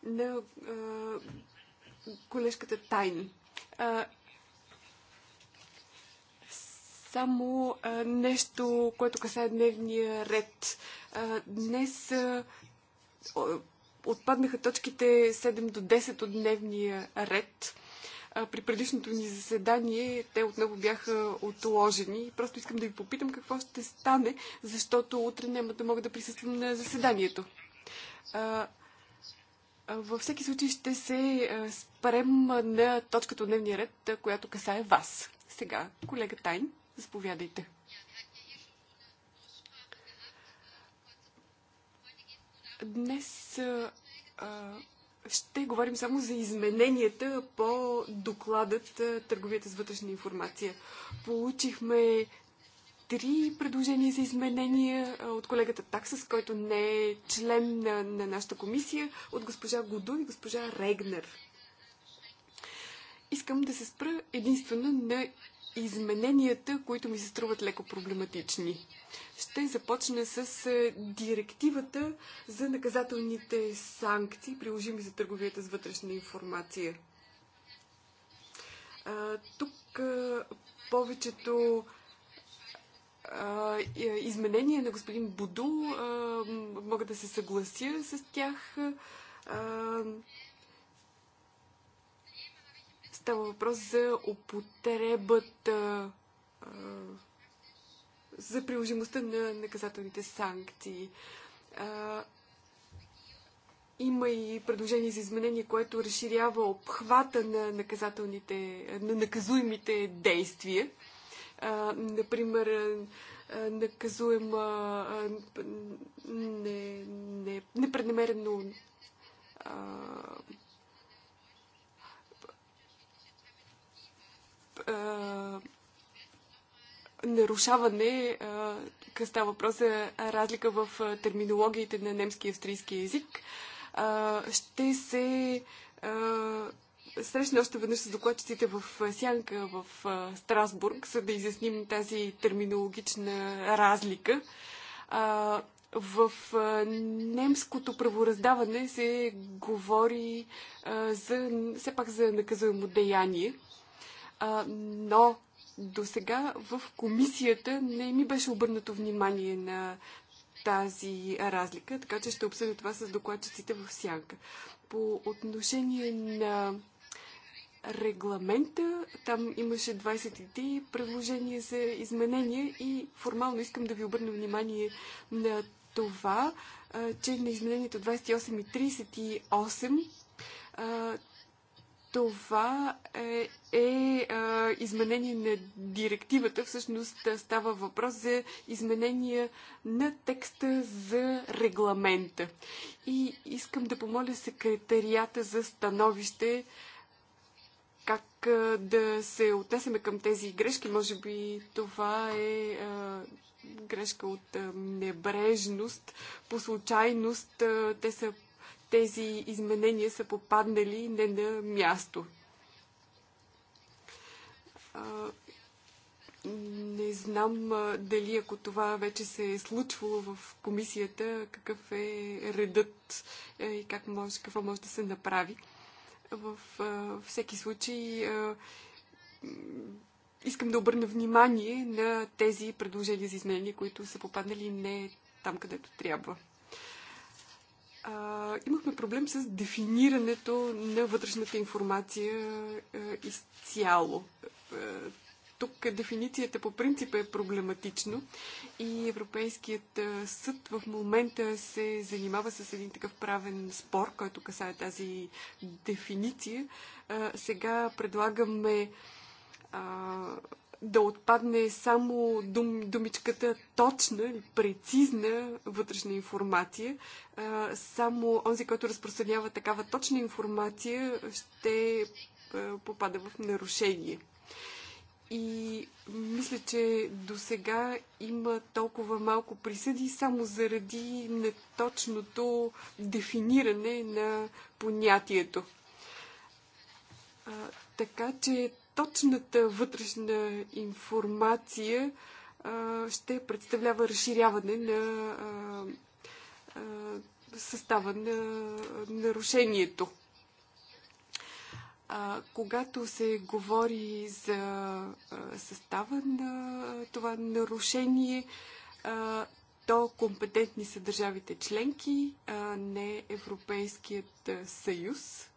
на а, колежката Тайн. А, само а, нещо, което касае дневния ред. А, днес а, отпаднаха точките 7 до 10 от дневния ред. А, при предишното ни заседание те отново бяха отложени. Просто искам да ви попитам какво ще стане, защото утре няма да мога да присъствам на заседанието. А, във всеки случай ще се спрем на точката от дневния ред, която касае вас. Сега, колега Тайн. Заповядайте. Днес а, ще говорим само за измененията по докладът Търговията с вътрешна информация. Получихме три предложения за изменения от колегата Таксас, който не е член на, на нашата комисия, от госпожа Гуду и госпожа Регнер. Искам да се спра единствено на измененията, които ми се струват леко проблематични. Ще започна с е, директивата за наказателните санкции, приложими за търговията с вътрешна информация. Тук е, повечето е, изменения на господин Буду, мога да се съглася с тях. Става въпрос за употребата, за приложимостта на наказателните санкции. Има и предложение за изменение, което разширява обхвата на наказателните, на наказуемите действия. Например, наказуема не, непреднамерено Е, нарушаване, е, къде става въпрос за разлика в е, терминологиите на немски и австрийски язик, ще се срещне още веднъж с докладчиците в Сянка в Страсбург, за да изясним тази терминологична разлика. В немското правораздаване се говори за, все пак за наказуемо деяние – а, но до сега в комисията не ми беше обърнато внимание на тази разлика, така че ще обсъдя това с докладчиците в сянка. По отношение на регламента, там имаше 23 предложения за изменения и формално искам да ви обърна внимание на това, че на изменението 28 и 38 това е, е, е изменение на директивата. Всъщност става въпрос за изменение на текста за регламента. И искам да помоля секретарията за становище как е, да се отнесеме към тези грешки. Може би това е, е грешка от небрежност, по случайност. Те са тези изменения са попаднали не на място. Не знам дали ако това вече се е случвало в комисията, какъв е редът е, и как може, какво може да се направи. В всеки случай искам да обърна внимание на тези предложения за изменения, които са попаднали не там, където трябва а, имахме проблем с дефинирането на вътрешната информация а, изцяло. А, тук дефиницията по принцип е проблематично и Европейският съд в момента се занимава с един такъв правен спор, който касае тази дефиниция. А, сега предлагаме а, да отпадне само дум, думичката точна или прецизна вътрешна информация. А, само онзи, който разпространява такава точна информация, ще а, попада в нарушение. И мисля, че до сега има толкова малко присъди само заради неточното дефиниране на понятието. А, така че точната вътрешна информация ще представлява разширяване на състава на нарушението. А, когато се говори за а, състава на това нарушение, а, то компетентни са държавите членки, а не Европейският съюз.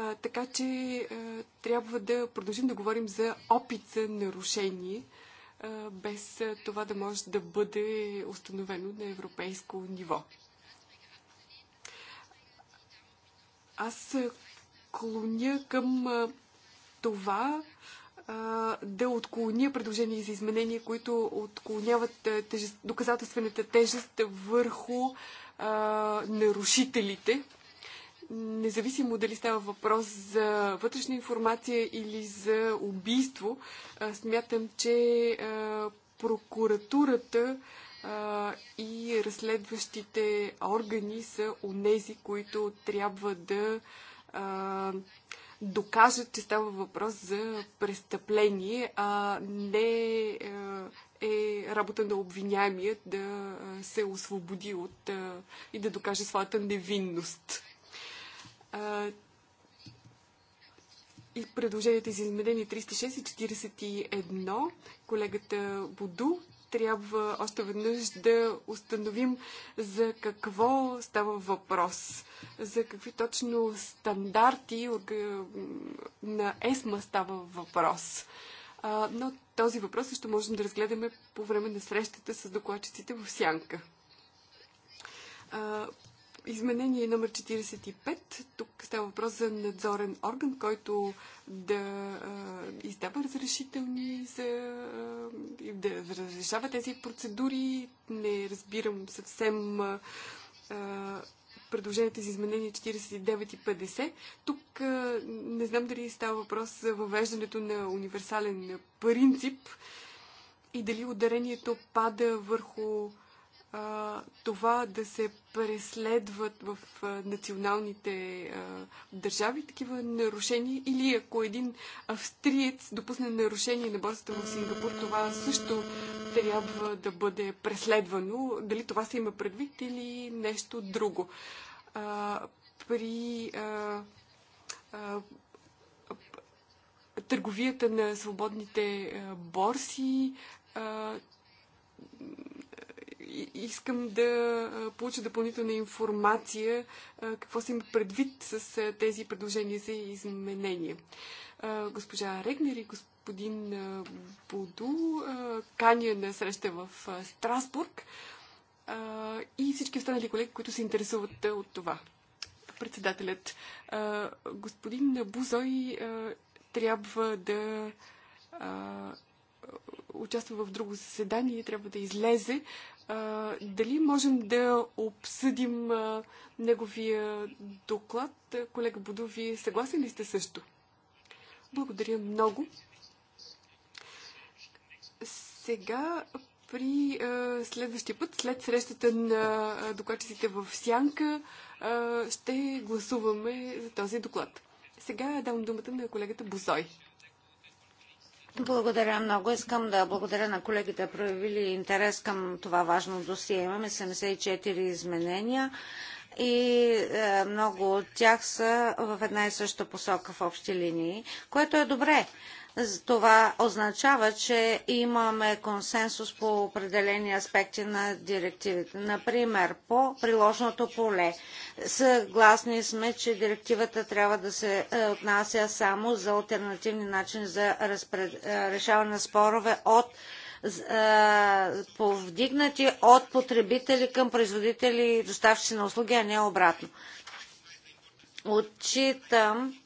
А, така че а, трябва да продължим да говорим за опит за нарушение, а, без а, това да може да бъде установено на европейско ниво. Аз клоня към а, това а, да отклоня предложения за изменения, които отклоняват а, тежест, доказателствената тежест върху а, нарушителите, независимо дали става въпрос за вътрешна информация или за убийство, смятам, че прокуратурата и разследващите органи са онези, които трябва да докажат, че става въпрос за престъпление, а не е работа на обвиняемия да се освободи от и да докаже своята невинност и предложението за изменение 306 и 41, колегата Буду, трябва още веднъж да установим за какво става въпрос, за какви точно стандарти на ЕСМА става въпрос. Но този въпрос също можем да разгледаме по време на срещата с докладчиците в Сянка. Изменение номер 45. Тук става въпрос за надзорен орган, който да а, издава разрешителни за, а, да разрешава тези процедури. Не разбирам съвсем а, предложенията за изменение 49 и 50. Тук а, не знам дали става въпрос за въвеждането на универсален принцип и дали ударението пада върху а, а, това да се преследват в а, националните а, държави такива нарушения или ако един австриец допусне нарушение на борсата в Сингапур, това също трябва да бъде преследвано. Дали това се има предвид или нещо друго. А, при а, а, търговията на свободните борси а, искам да получа допълнителна информация какво се има предвид с тези предложения за изменения. Госпожа Регнер и господин Буду каня на среща в Страсбург и всички останали колеги, които се интересуват от това. Председателят, господин Бузой трябва да участва в друго заседание и трябва да излезе. Дали можем да обсъдим неговия доклад? Колега Будо, ви съгласен ли сте също? Благодаря много. Сега при а, следващия път, след срещата на докладчиците в Сянка, а, ще гласуваме за този доклад. Сега давам думата на колегата Бозой. Благодаря много. Искам да благодаря на колегите, проявили интерес към това важно досие. Имаме 74 изменения и е, много от тях са в една и съща посока в общи линии, което е добре. Това означава, че имаме консенсус по определени аспекти на директивите. Например, по приложното поле. Съгласни сме, че директивата трябва да се е, отнася само за альтернативни начини за разпред... Е, решаване на спорове от е, повдигнати от потребители към производители и доставчици на услуги, а не обратно. Отчитам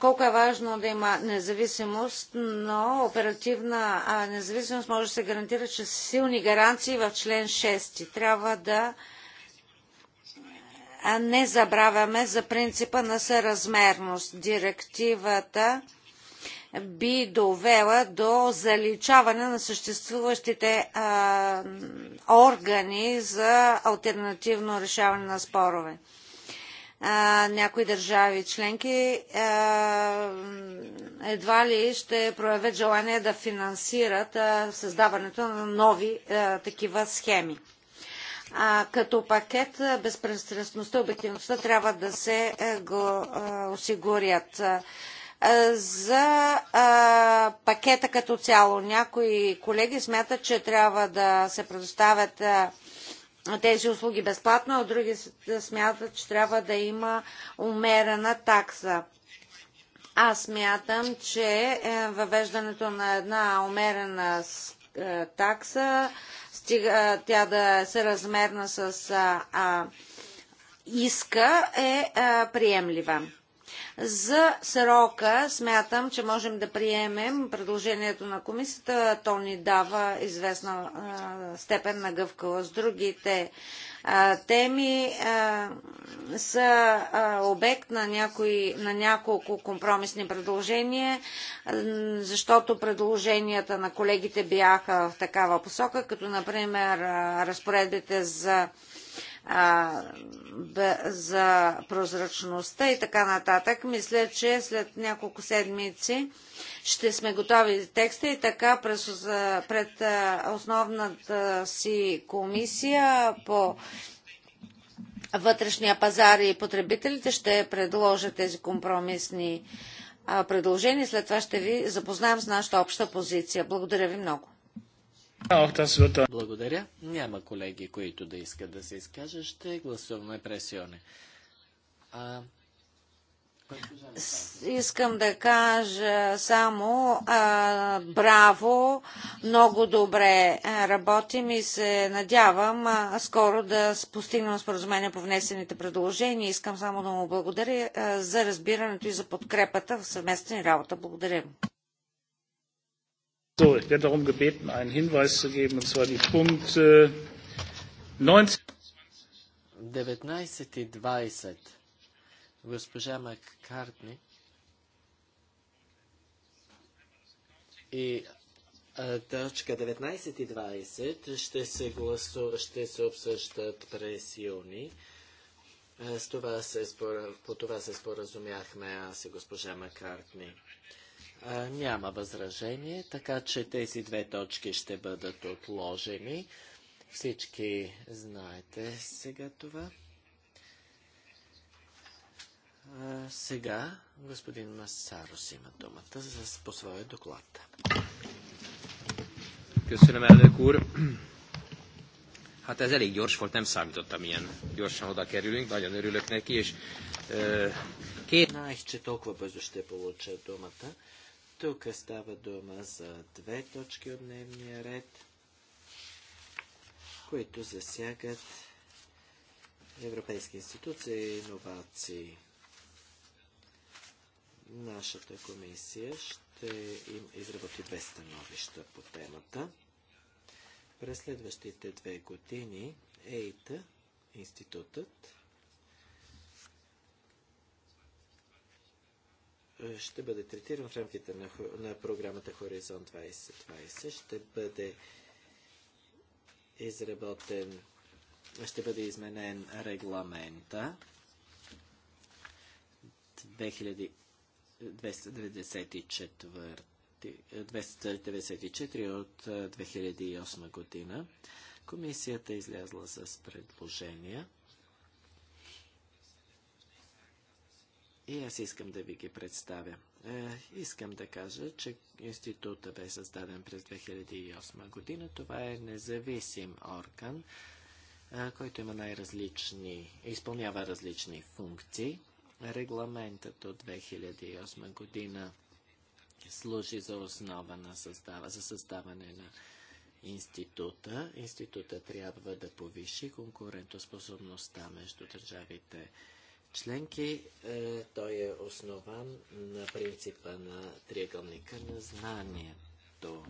колко е важно да има независимост, но оперативна независимост може да се гарантира чрез силни гаранции в член 6. Трябва да не забравяме за принципа на съразмерност. Директивата би довела до заличаване на съществуващите а, органи за альтернативно решаване на спорове някои държави членки едва ли ще проявят желание да финансират създаването на нови такива схеми. като пакет безпристрастността и обективността трябва да се го, осигурят. за пакета като цяло. Някои колеги смятат, че трябва да се предоставят тези услуги безплатно, а от други смятат, че трябва да има умерена такса. Аз смятам, че е, въвеждането на една умерена е, такса, стига е, тя да се размерна с а, а, иска, е а, приемлива. За срока смятам, че можем да приемем предложението на комисията. То ни дава известна степен на гъвкавост. Другите теми са обект на, някои, на няколко компромисни предложения, защото предложенията на колегите бяха в такава посока, като например разпоредите за а, за прозрачността и така нататък. Мисля, че след няколко седмици ще сме готови текста и така през, пред основната си комисия по вътрешния пазар и потребителите ще предложа тези компромисни предложения. След това ще ви запознаем с нашата обща позиция. Благодаря ви много. Благодаря. Няма колеги, които да искат да се изкажа, Ще гласуваме пресионе. А... Искам да кажа само а, браво, много добре работим и се надявам а, скоро да постигнем споразумение по внесените предложения. Искам само да му благодаря а, за разбирането и за подкрепата в съвместна работа. Благодаря. So, ich werde darum gebeten, einen Hinweis zu geben, und zwar die Punkte 19. и а, точка 19 и 20 ще се, гласу, ще се обсъждат през юни. С това се, по това се споразумяхме аз и госпожа Макартни няма възражение, така че тези две точки ще бъдат отложени. Всички знаете сега това. сега господин Масарос има думата за, по своя доклад. Köszönöm, elnök úr! Hát ez elég gyors volt, nem számítottam ilyen gyorsan oda kerülünk, nagyon örülök neki, és e, két... Знаех, че толкова бързо ще получа думата. Тук става дума за две точки от дневния ред, които засягат Европейски институции и иновации. Нашата комисия ще им изработи две становища по темата. През следващите две години ЕИТА, институтът, ще бъде третиран в рамките на, на програмата Хоризонт 2020. Ще бъде изработен, ще бъде изменен регламента 294 е, от 2008 е, година. Комисията е излязла с предложения. И аз искам да ви ги представя. Е, искам да кажа, че института бе създаден през 2008 година. Това е независим орган, е, който има най-различни, изпълнява различни функции. Регламентът от 2008 година служи за основа на създава, за създаване на института. Института трябва да повиши конкурентоспособността между държавите членки. Е, той е основан на принципа на триъгълника на знанието.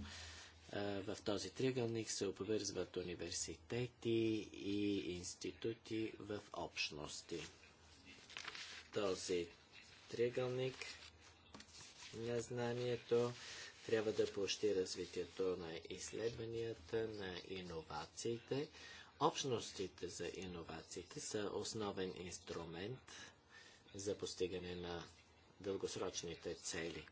Е, в този триъгълник се обвързват университети и институти в общности. Този триъгълник на знанието трябва да поощри развитието на изследванията, на иновациите, Общностите за иновациите са основен инструмент за постигане на дългосрочните цели.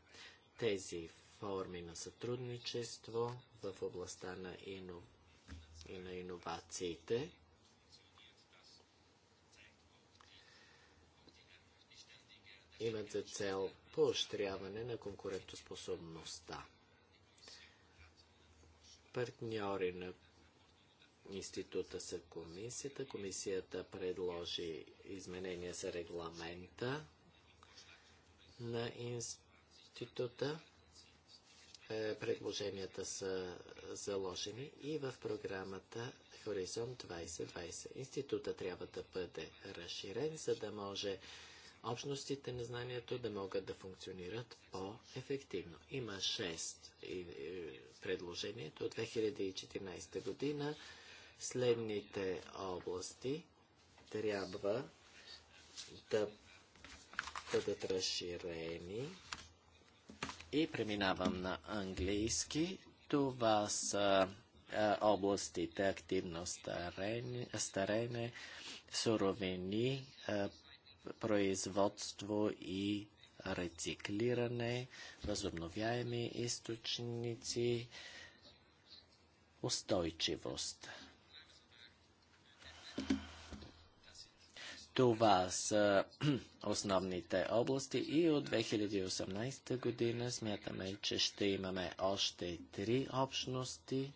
Тези форми на сътрудничество в областта на, ино... и на иновациите имат за цел поощряване на конкурентоспособността. Партньори на института са комисията. Комисията предложи изменения за регламента на института. Е, предложенията са заложени и в програмата Хоризонт 2020. Института трябва да бъде разширен, за да може общностите на знанието да могат да функционират по-ефективно. Има 6 предложението от 2014 година следните области трябва да бъдат разширени. И преминавам на английски. Това са областите активно старене, суровини, производство и рециклиране, възобновяеми източници, устойчивост. Това са основните области и от 2018 година смятаме, че ще имаме още три общности.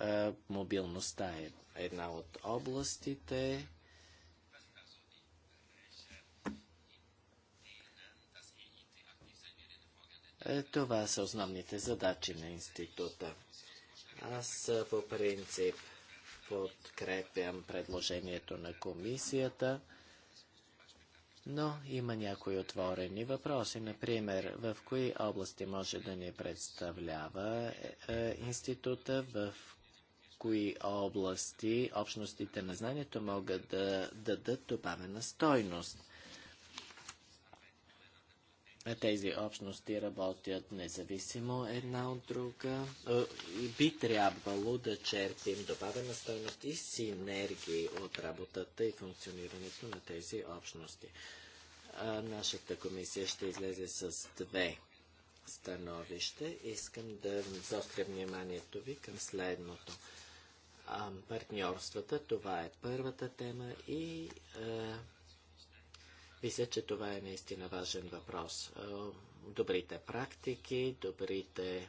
Е, мобилността е една от областите. Е, това са основните задачи на института. Аз по принцип подкрепям предложението на комисията, но има някои отворени въпроси. Например, в кои области може да ни представлява е, е, института, в кои области общностите на знанието могат да дадат добавена стойност. Тези общности работят независимо една от друга. Е, би трябвало да черпим добавена стойност и синергии от работата и функционирането на тези общности. А нашата комисия ще излезе с две становища. Искам да заостря вниманието ви към следното. А, партньорствата, това е първата тема и а, е, мисля, че това е наистина важен въпрос. Е, добрите практики, добрите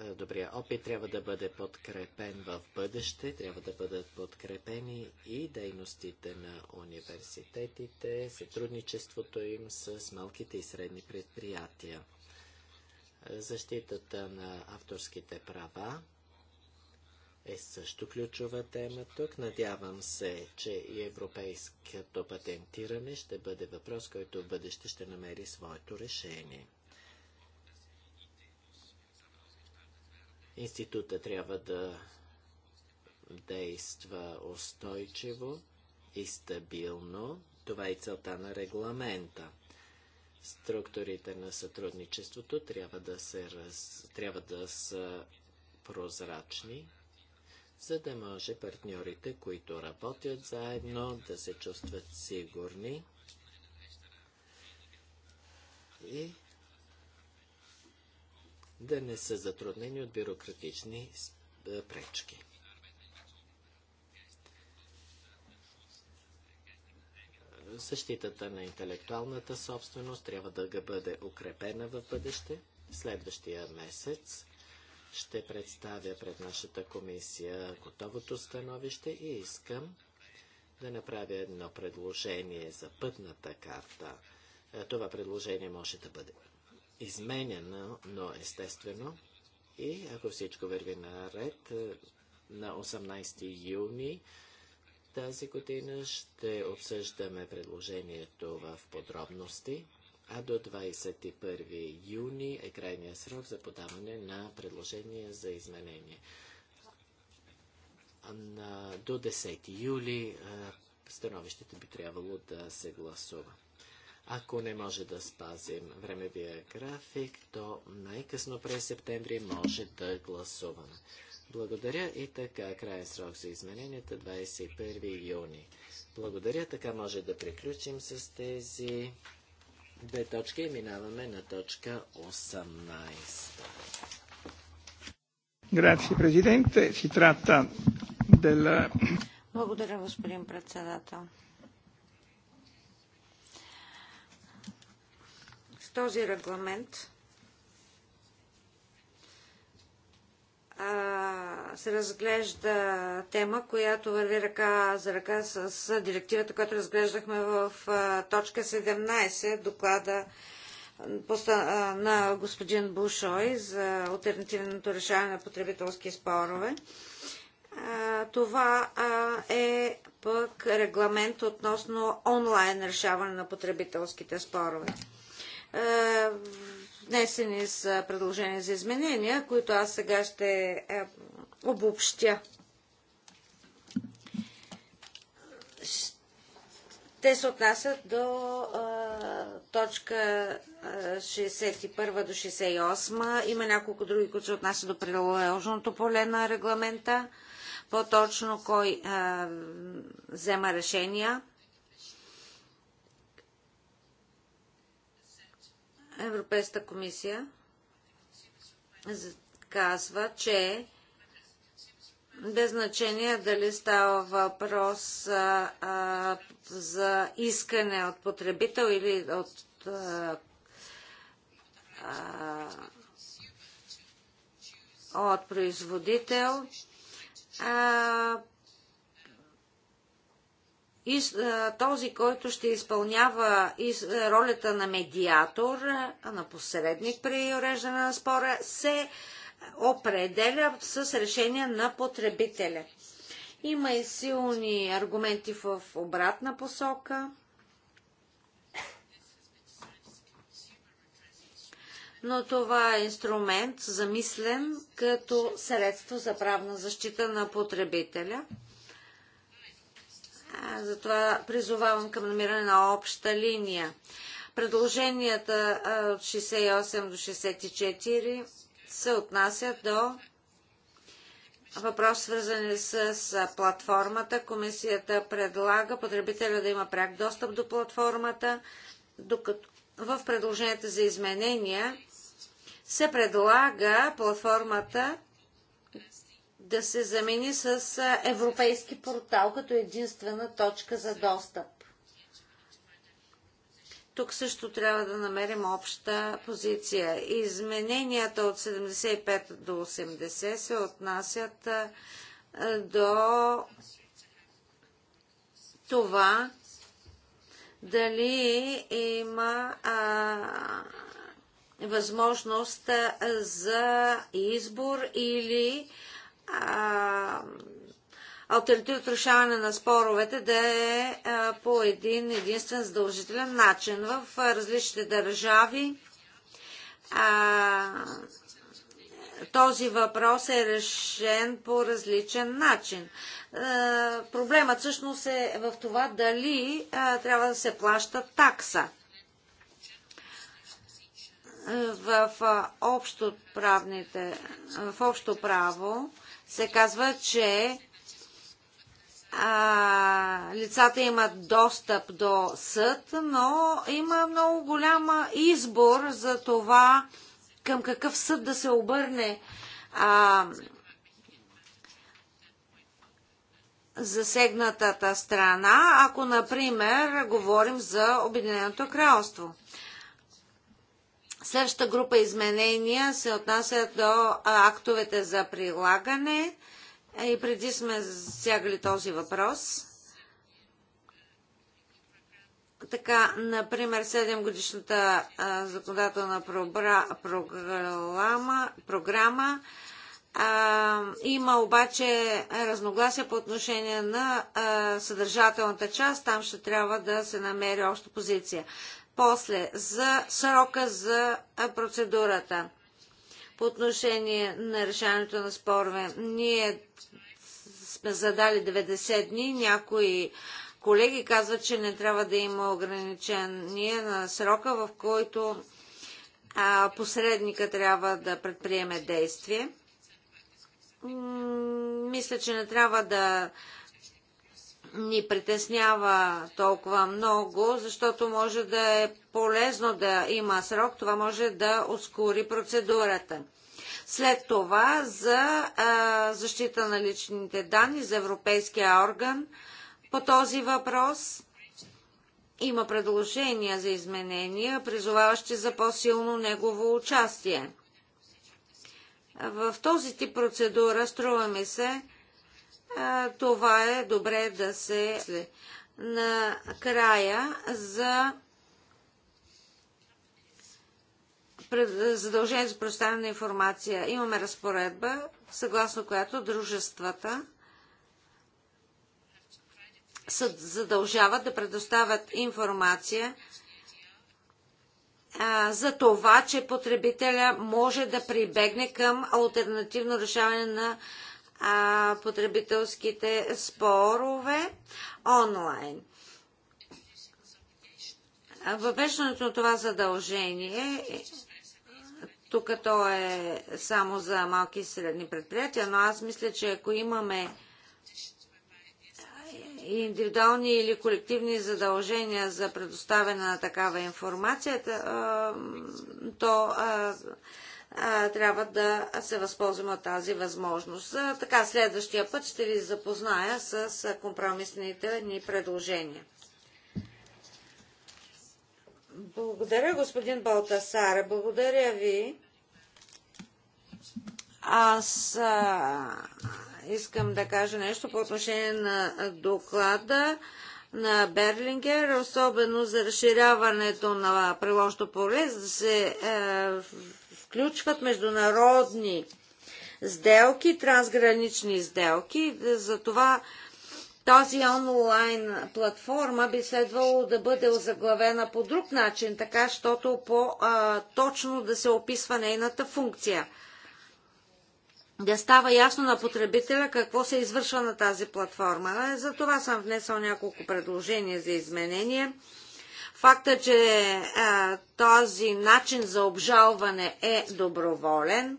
е, добрия опит трябва да бъде подкрепен в бъдеще, трябва да бъдат подкрепени и дейностите на университетите, сътрудничеството им с малките и средни предприятия, е, защитата на авторските права е също ключова тема тук. Надявам се, че и европейското патентиране ще бъде въпрос, който в бъдеще ще намери своето решение. Института трябва да действа устойчиво и стабилно. Това е целта на регламента. Структурите на сътрудничеството трябва да, се раз... трябва да са прозрачни, за да може партньорите, които работят заедно, да се чувстват сигурни и да не са затруднени от бюрократични пречки. Защитата на интелектуалната собственост трябва да бъде укрепена в бъдеще. Следващия месец ще представя пред нашата комисия готовото становище и искам да направя едно предложение за пътната карта. Е, това предложение може да бъде изменено, но естествено. И ако всичко върви наред, е, на 18 юни тази година ще обсъждаме предложението в подробности а до 21 юни е крайният срок за подаване на предложения за изменение. На, до 10 юли становището би трябвало да се гласува. Ако не може да спазим времевия график, то най-късно през септември може да гласуваме. Благодаря и така крайен срок за измененията 21 юни. Благодаря, така може да приключим с тези две точки и минаваме на точка 18. Grazie Presidente, si tratta del... Благодаря, господин председател. С този регламент се разглежда тема, която върви ръка за ръка с директивата, която разглеждахме в точка 17, доклада на господин Бушой за альтернативното решаване на потребителски спорове. Това е пък регламент относно онлайн решаване на потребителските спорове Внесени с предложения за изменения, които аз сега ще обобщя. Те се отнасят до а, точка 61 до 68. Има няколко други, които се отнасят до приложеното поле на регламента. По-точно кой а, взема решения Европейската комисия казва, че без значение дали става въпрос а, а, за искане от потребител или от а, а, от производител, а, и този, който ще изпълнява ролята на медиатор, на посредник при уреждане на спора, се определя с решение на потребителя. Има и силни аргументи в обратна посока. Но това е инструмент замислен като средство за правна защита на потребителя. Затова призовавам към намиране на обща линия. Предложенията от 68 до 64 се отнасят до въпрос, свързани с платформата. Комисията предлага потребителя да има пряк достъп до платформата, докато в предложенията за изменения се предлага платформата да се замени с европейски портал като единствена точка за достъп. Тук също трябва да намерим обща позиция. Измененията от 75 до 80 се отнасят до това дали има а, възможност за избор или альтернативното решаване на споровете да е по един единствен задължителен начин. В различните държави а, този въпрос е решен по различен начин. Проблемът всъщност е в това дали трябва да се плаща такса. В, общо правните, в общо право се казва, че а, лицата имат достъп до съд, но има много голям избор за това към какъв съд да се обърне а, засегнатата страна, ако, например, говорим за Обединеното кралство. Следващата група изменения се отнася до актовете за прилагане е, и преди сме засягали този въпрос. Така, например, 7-годишната законодателна програма, програма а, има обаче разногласия по отношение на а, съдържателната част. Там ще трябва да се намери обща позиция. После, за срока за процедурата. По отношение на решаването на спорове, ние сме задали 90 дни, някои колеги казват, че не трябва да има ограничение на срока, в който посредника трябва да предприеме действие. Мисля, че не трябва да ни притеснява толкова много, защото може да е полезно да има срок, това може да ускори процедурата. След това за а, защита на личните данни за Европейския орган по този въпрос има предложения за изменения, призоваващи за по-силно негово участие. В този тип процедура, струваме се, това е добре да се на края за задължение за предоставяне на информация. Имаме разпоредба, съгласно която дружествата се задължават да предоставят информация за това, че потребителя може да прибегне към альтернативно решаване на а, потребителските спорове онлайн. Въвеждането на това задължение тук то е само за малки и средни предприятия, но аз мисля, че ако имаме индивидуални или колективни задължения за предоставяне на такава информация, то трябва да се възползваме от тази възможност. така, следващия път ще ви запозная с, компромисните ни предложения. Благодаря, господин Балтасар. Благодаря ви. Аз а, искам да кажа нещо по отношение на доклада на Берлингер, особено за разширяването на приложното поле, за да се е, включват международни сделки, трансгранични сделки. Затова тази онлайн платформа би следвало да бъде озаглавена по друг начин, така щото по-точно да се описва нейната функция. Да става ясно на потребителя какво се извършва на тази платформа. За това съм внесъл няколко предложения за изменения. Факта, че а, този начин за обжалване е доброволен,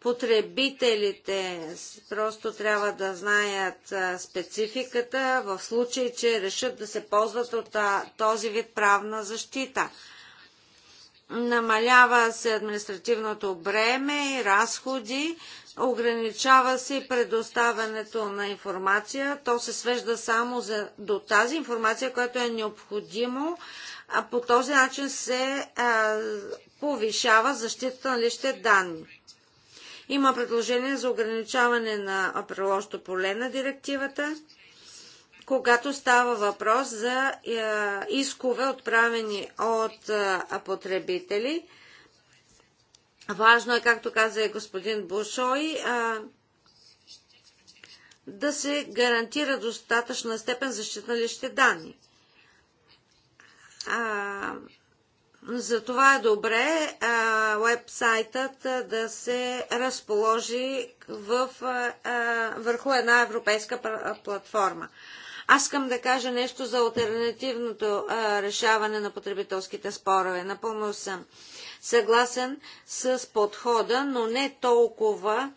потребителите просто трябва да знаят а, спецификата в случай, че решат да се ползват от а, този вид правна защита. Намалява се административното бреме и разходи ограничава се предоставянето на информация. То се свежда само за, до тази информация, която е необходимо. А по този начин се а, повишава защитата на личните данни. Има предложение за ограничаване на приложното поле на директивата, когато става въпрос за а, е, искове, отправени от а, е, потребители – Важно е, както каза господин Бушой, да се гарантира достатъчна степен защита на личните данни. За затова е добре вебсайтът да се разположи в, а, върху една европейска платформа. Аз искам да кажа нещо за альтернативното а, решаване на потребителските спорове. Напълно съм. А, съгласен с подхода, но не толкова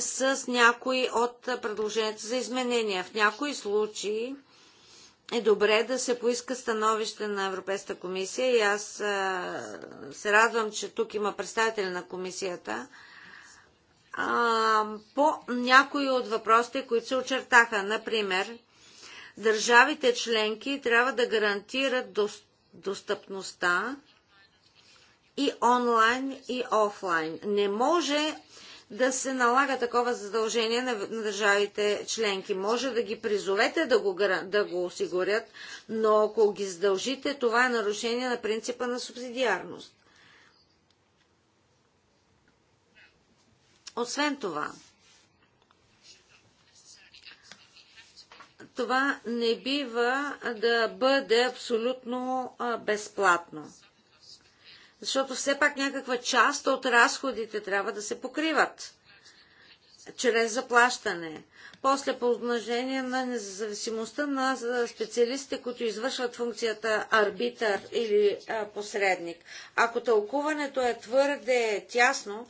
с някои от предложенията за изменения. В някои случаи е добре да се поиска становище на Европейската комисия и аз се радвам, че тук има представители на комисията по някои от въпросите, които се очертаха. Например, държавите членки трябва да гарантират достъпността и онлайн, и офлайн. Не може да се налага такова задължение на, на държавите членки. Може да ги призовете да го, да го осигурят, но ако ги задължите, това е нарушение на принципа на субсидиарност. Освен това, това не бива да бъде абсолютно безплатно. Защото все пак някаква част от разходите трябва да се покриват чрез заплащане. После по отношение на независимостта на специалистите, които извършват функцията арбитър или а, посредник. Ако тълкуването е твърде тясно,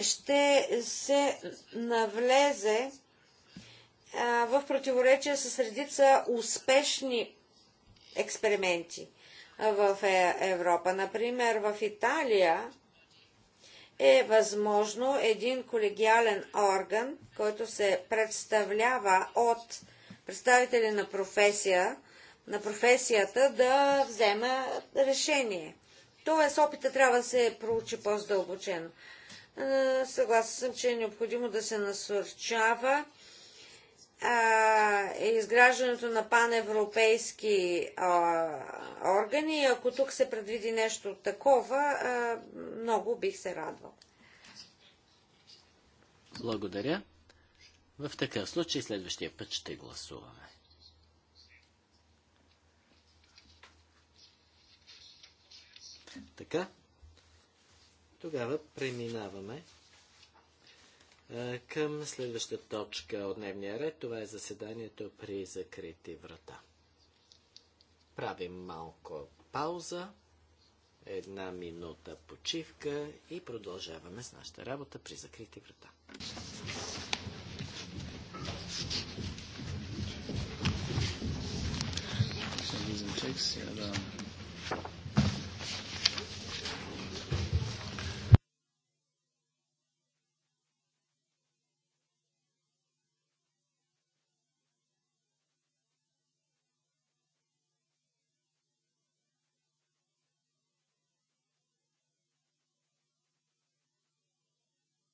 ще се навлезе а, в противоречие с редица успешни експерименти в е, Европа. Например, в Италия е възможно един колегиален орган, който се представлява от представители на професия, на професията да взема решение. Тоест, опита трябва да се проучи по здълбочено е, Съгласна съм, че е необходимо да се насърчава е изграждането на паневропейски а, органи. Ако тук се предвиди нещо такова, а, много бих се радвал. Благодаря. В такъв случай следващия път ще гласуваме. Така. Тогава преминаваме към следващата точка от дневния ред. Това е заседанието при закрити врата. Правим малко пауза, една минута почивка и продължаваме с нашата работа при закрити врата.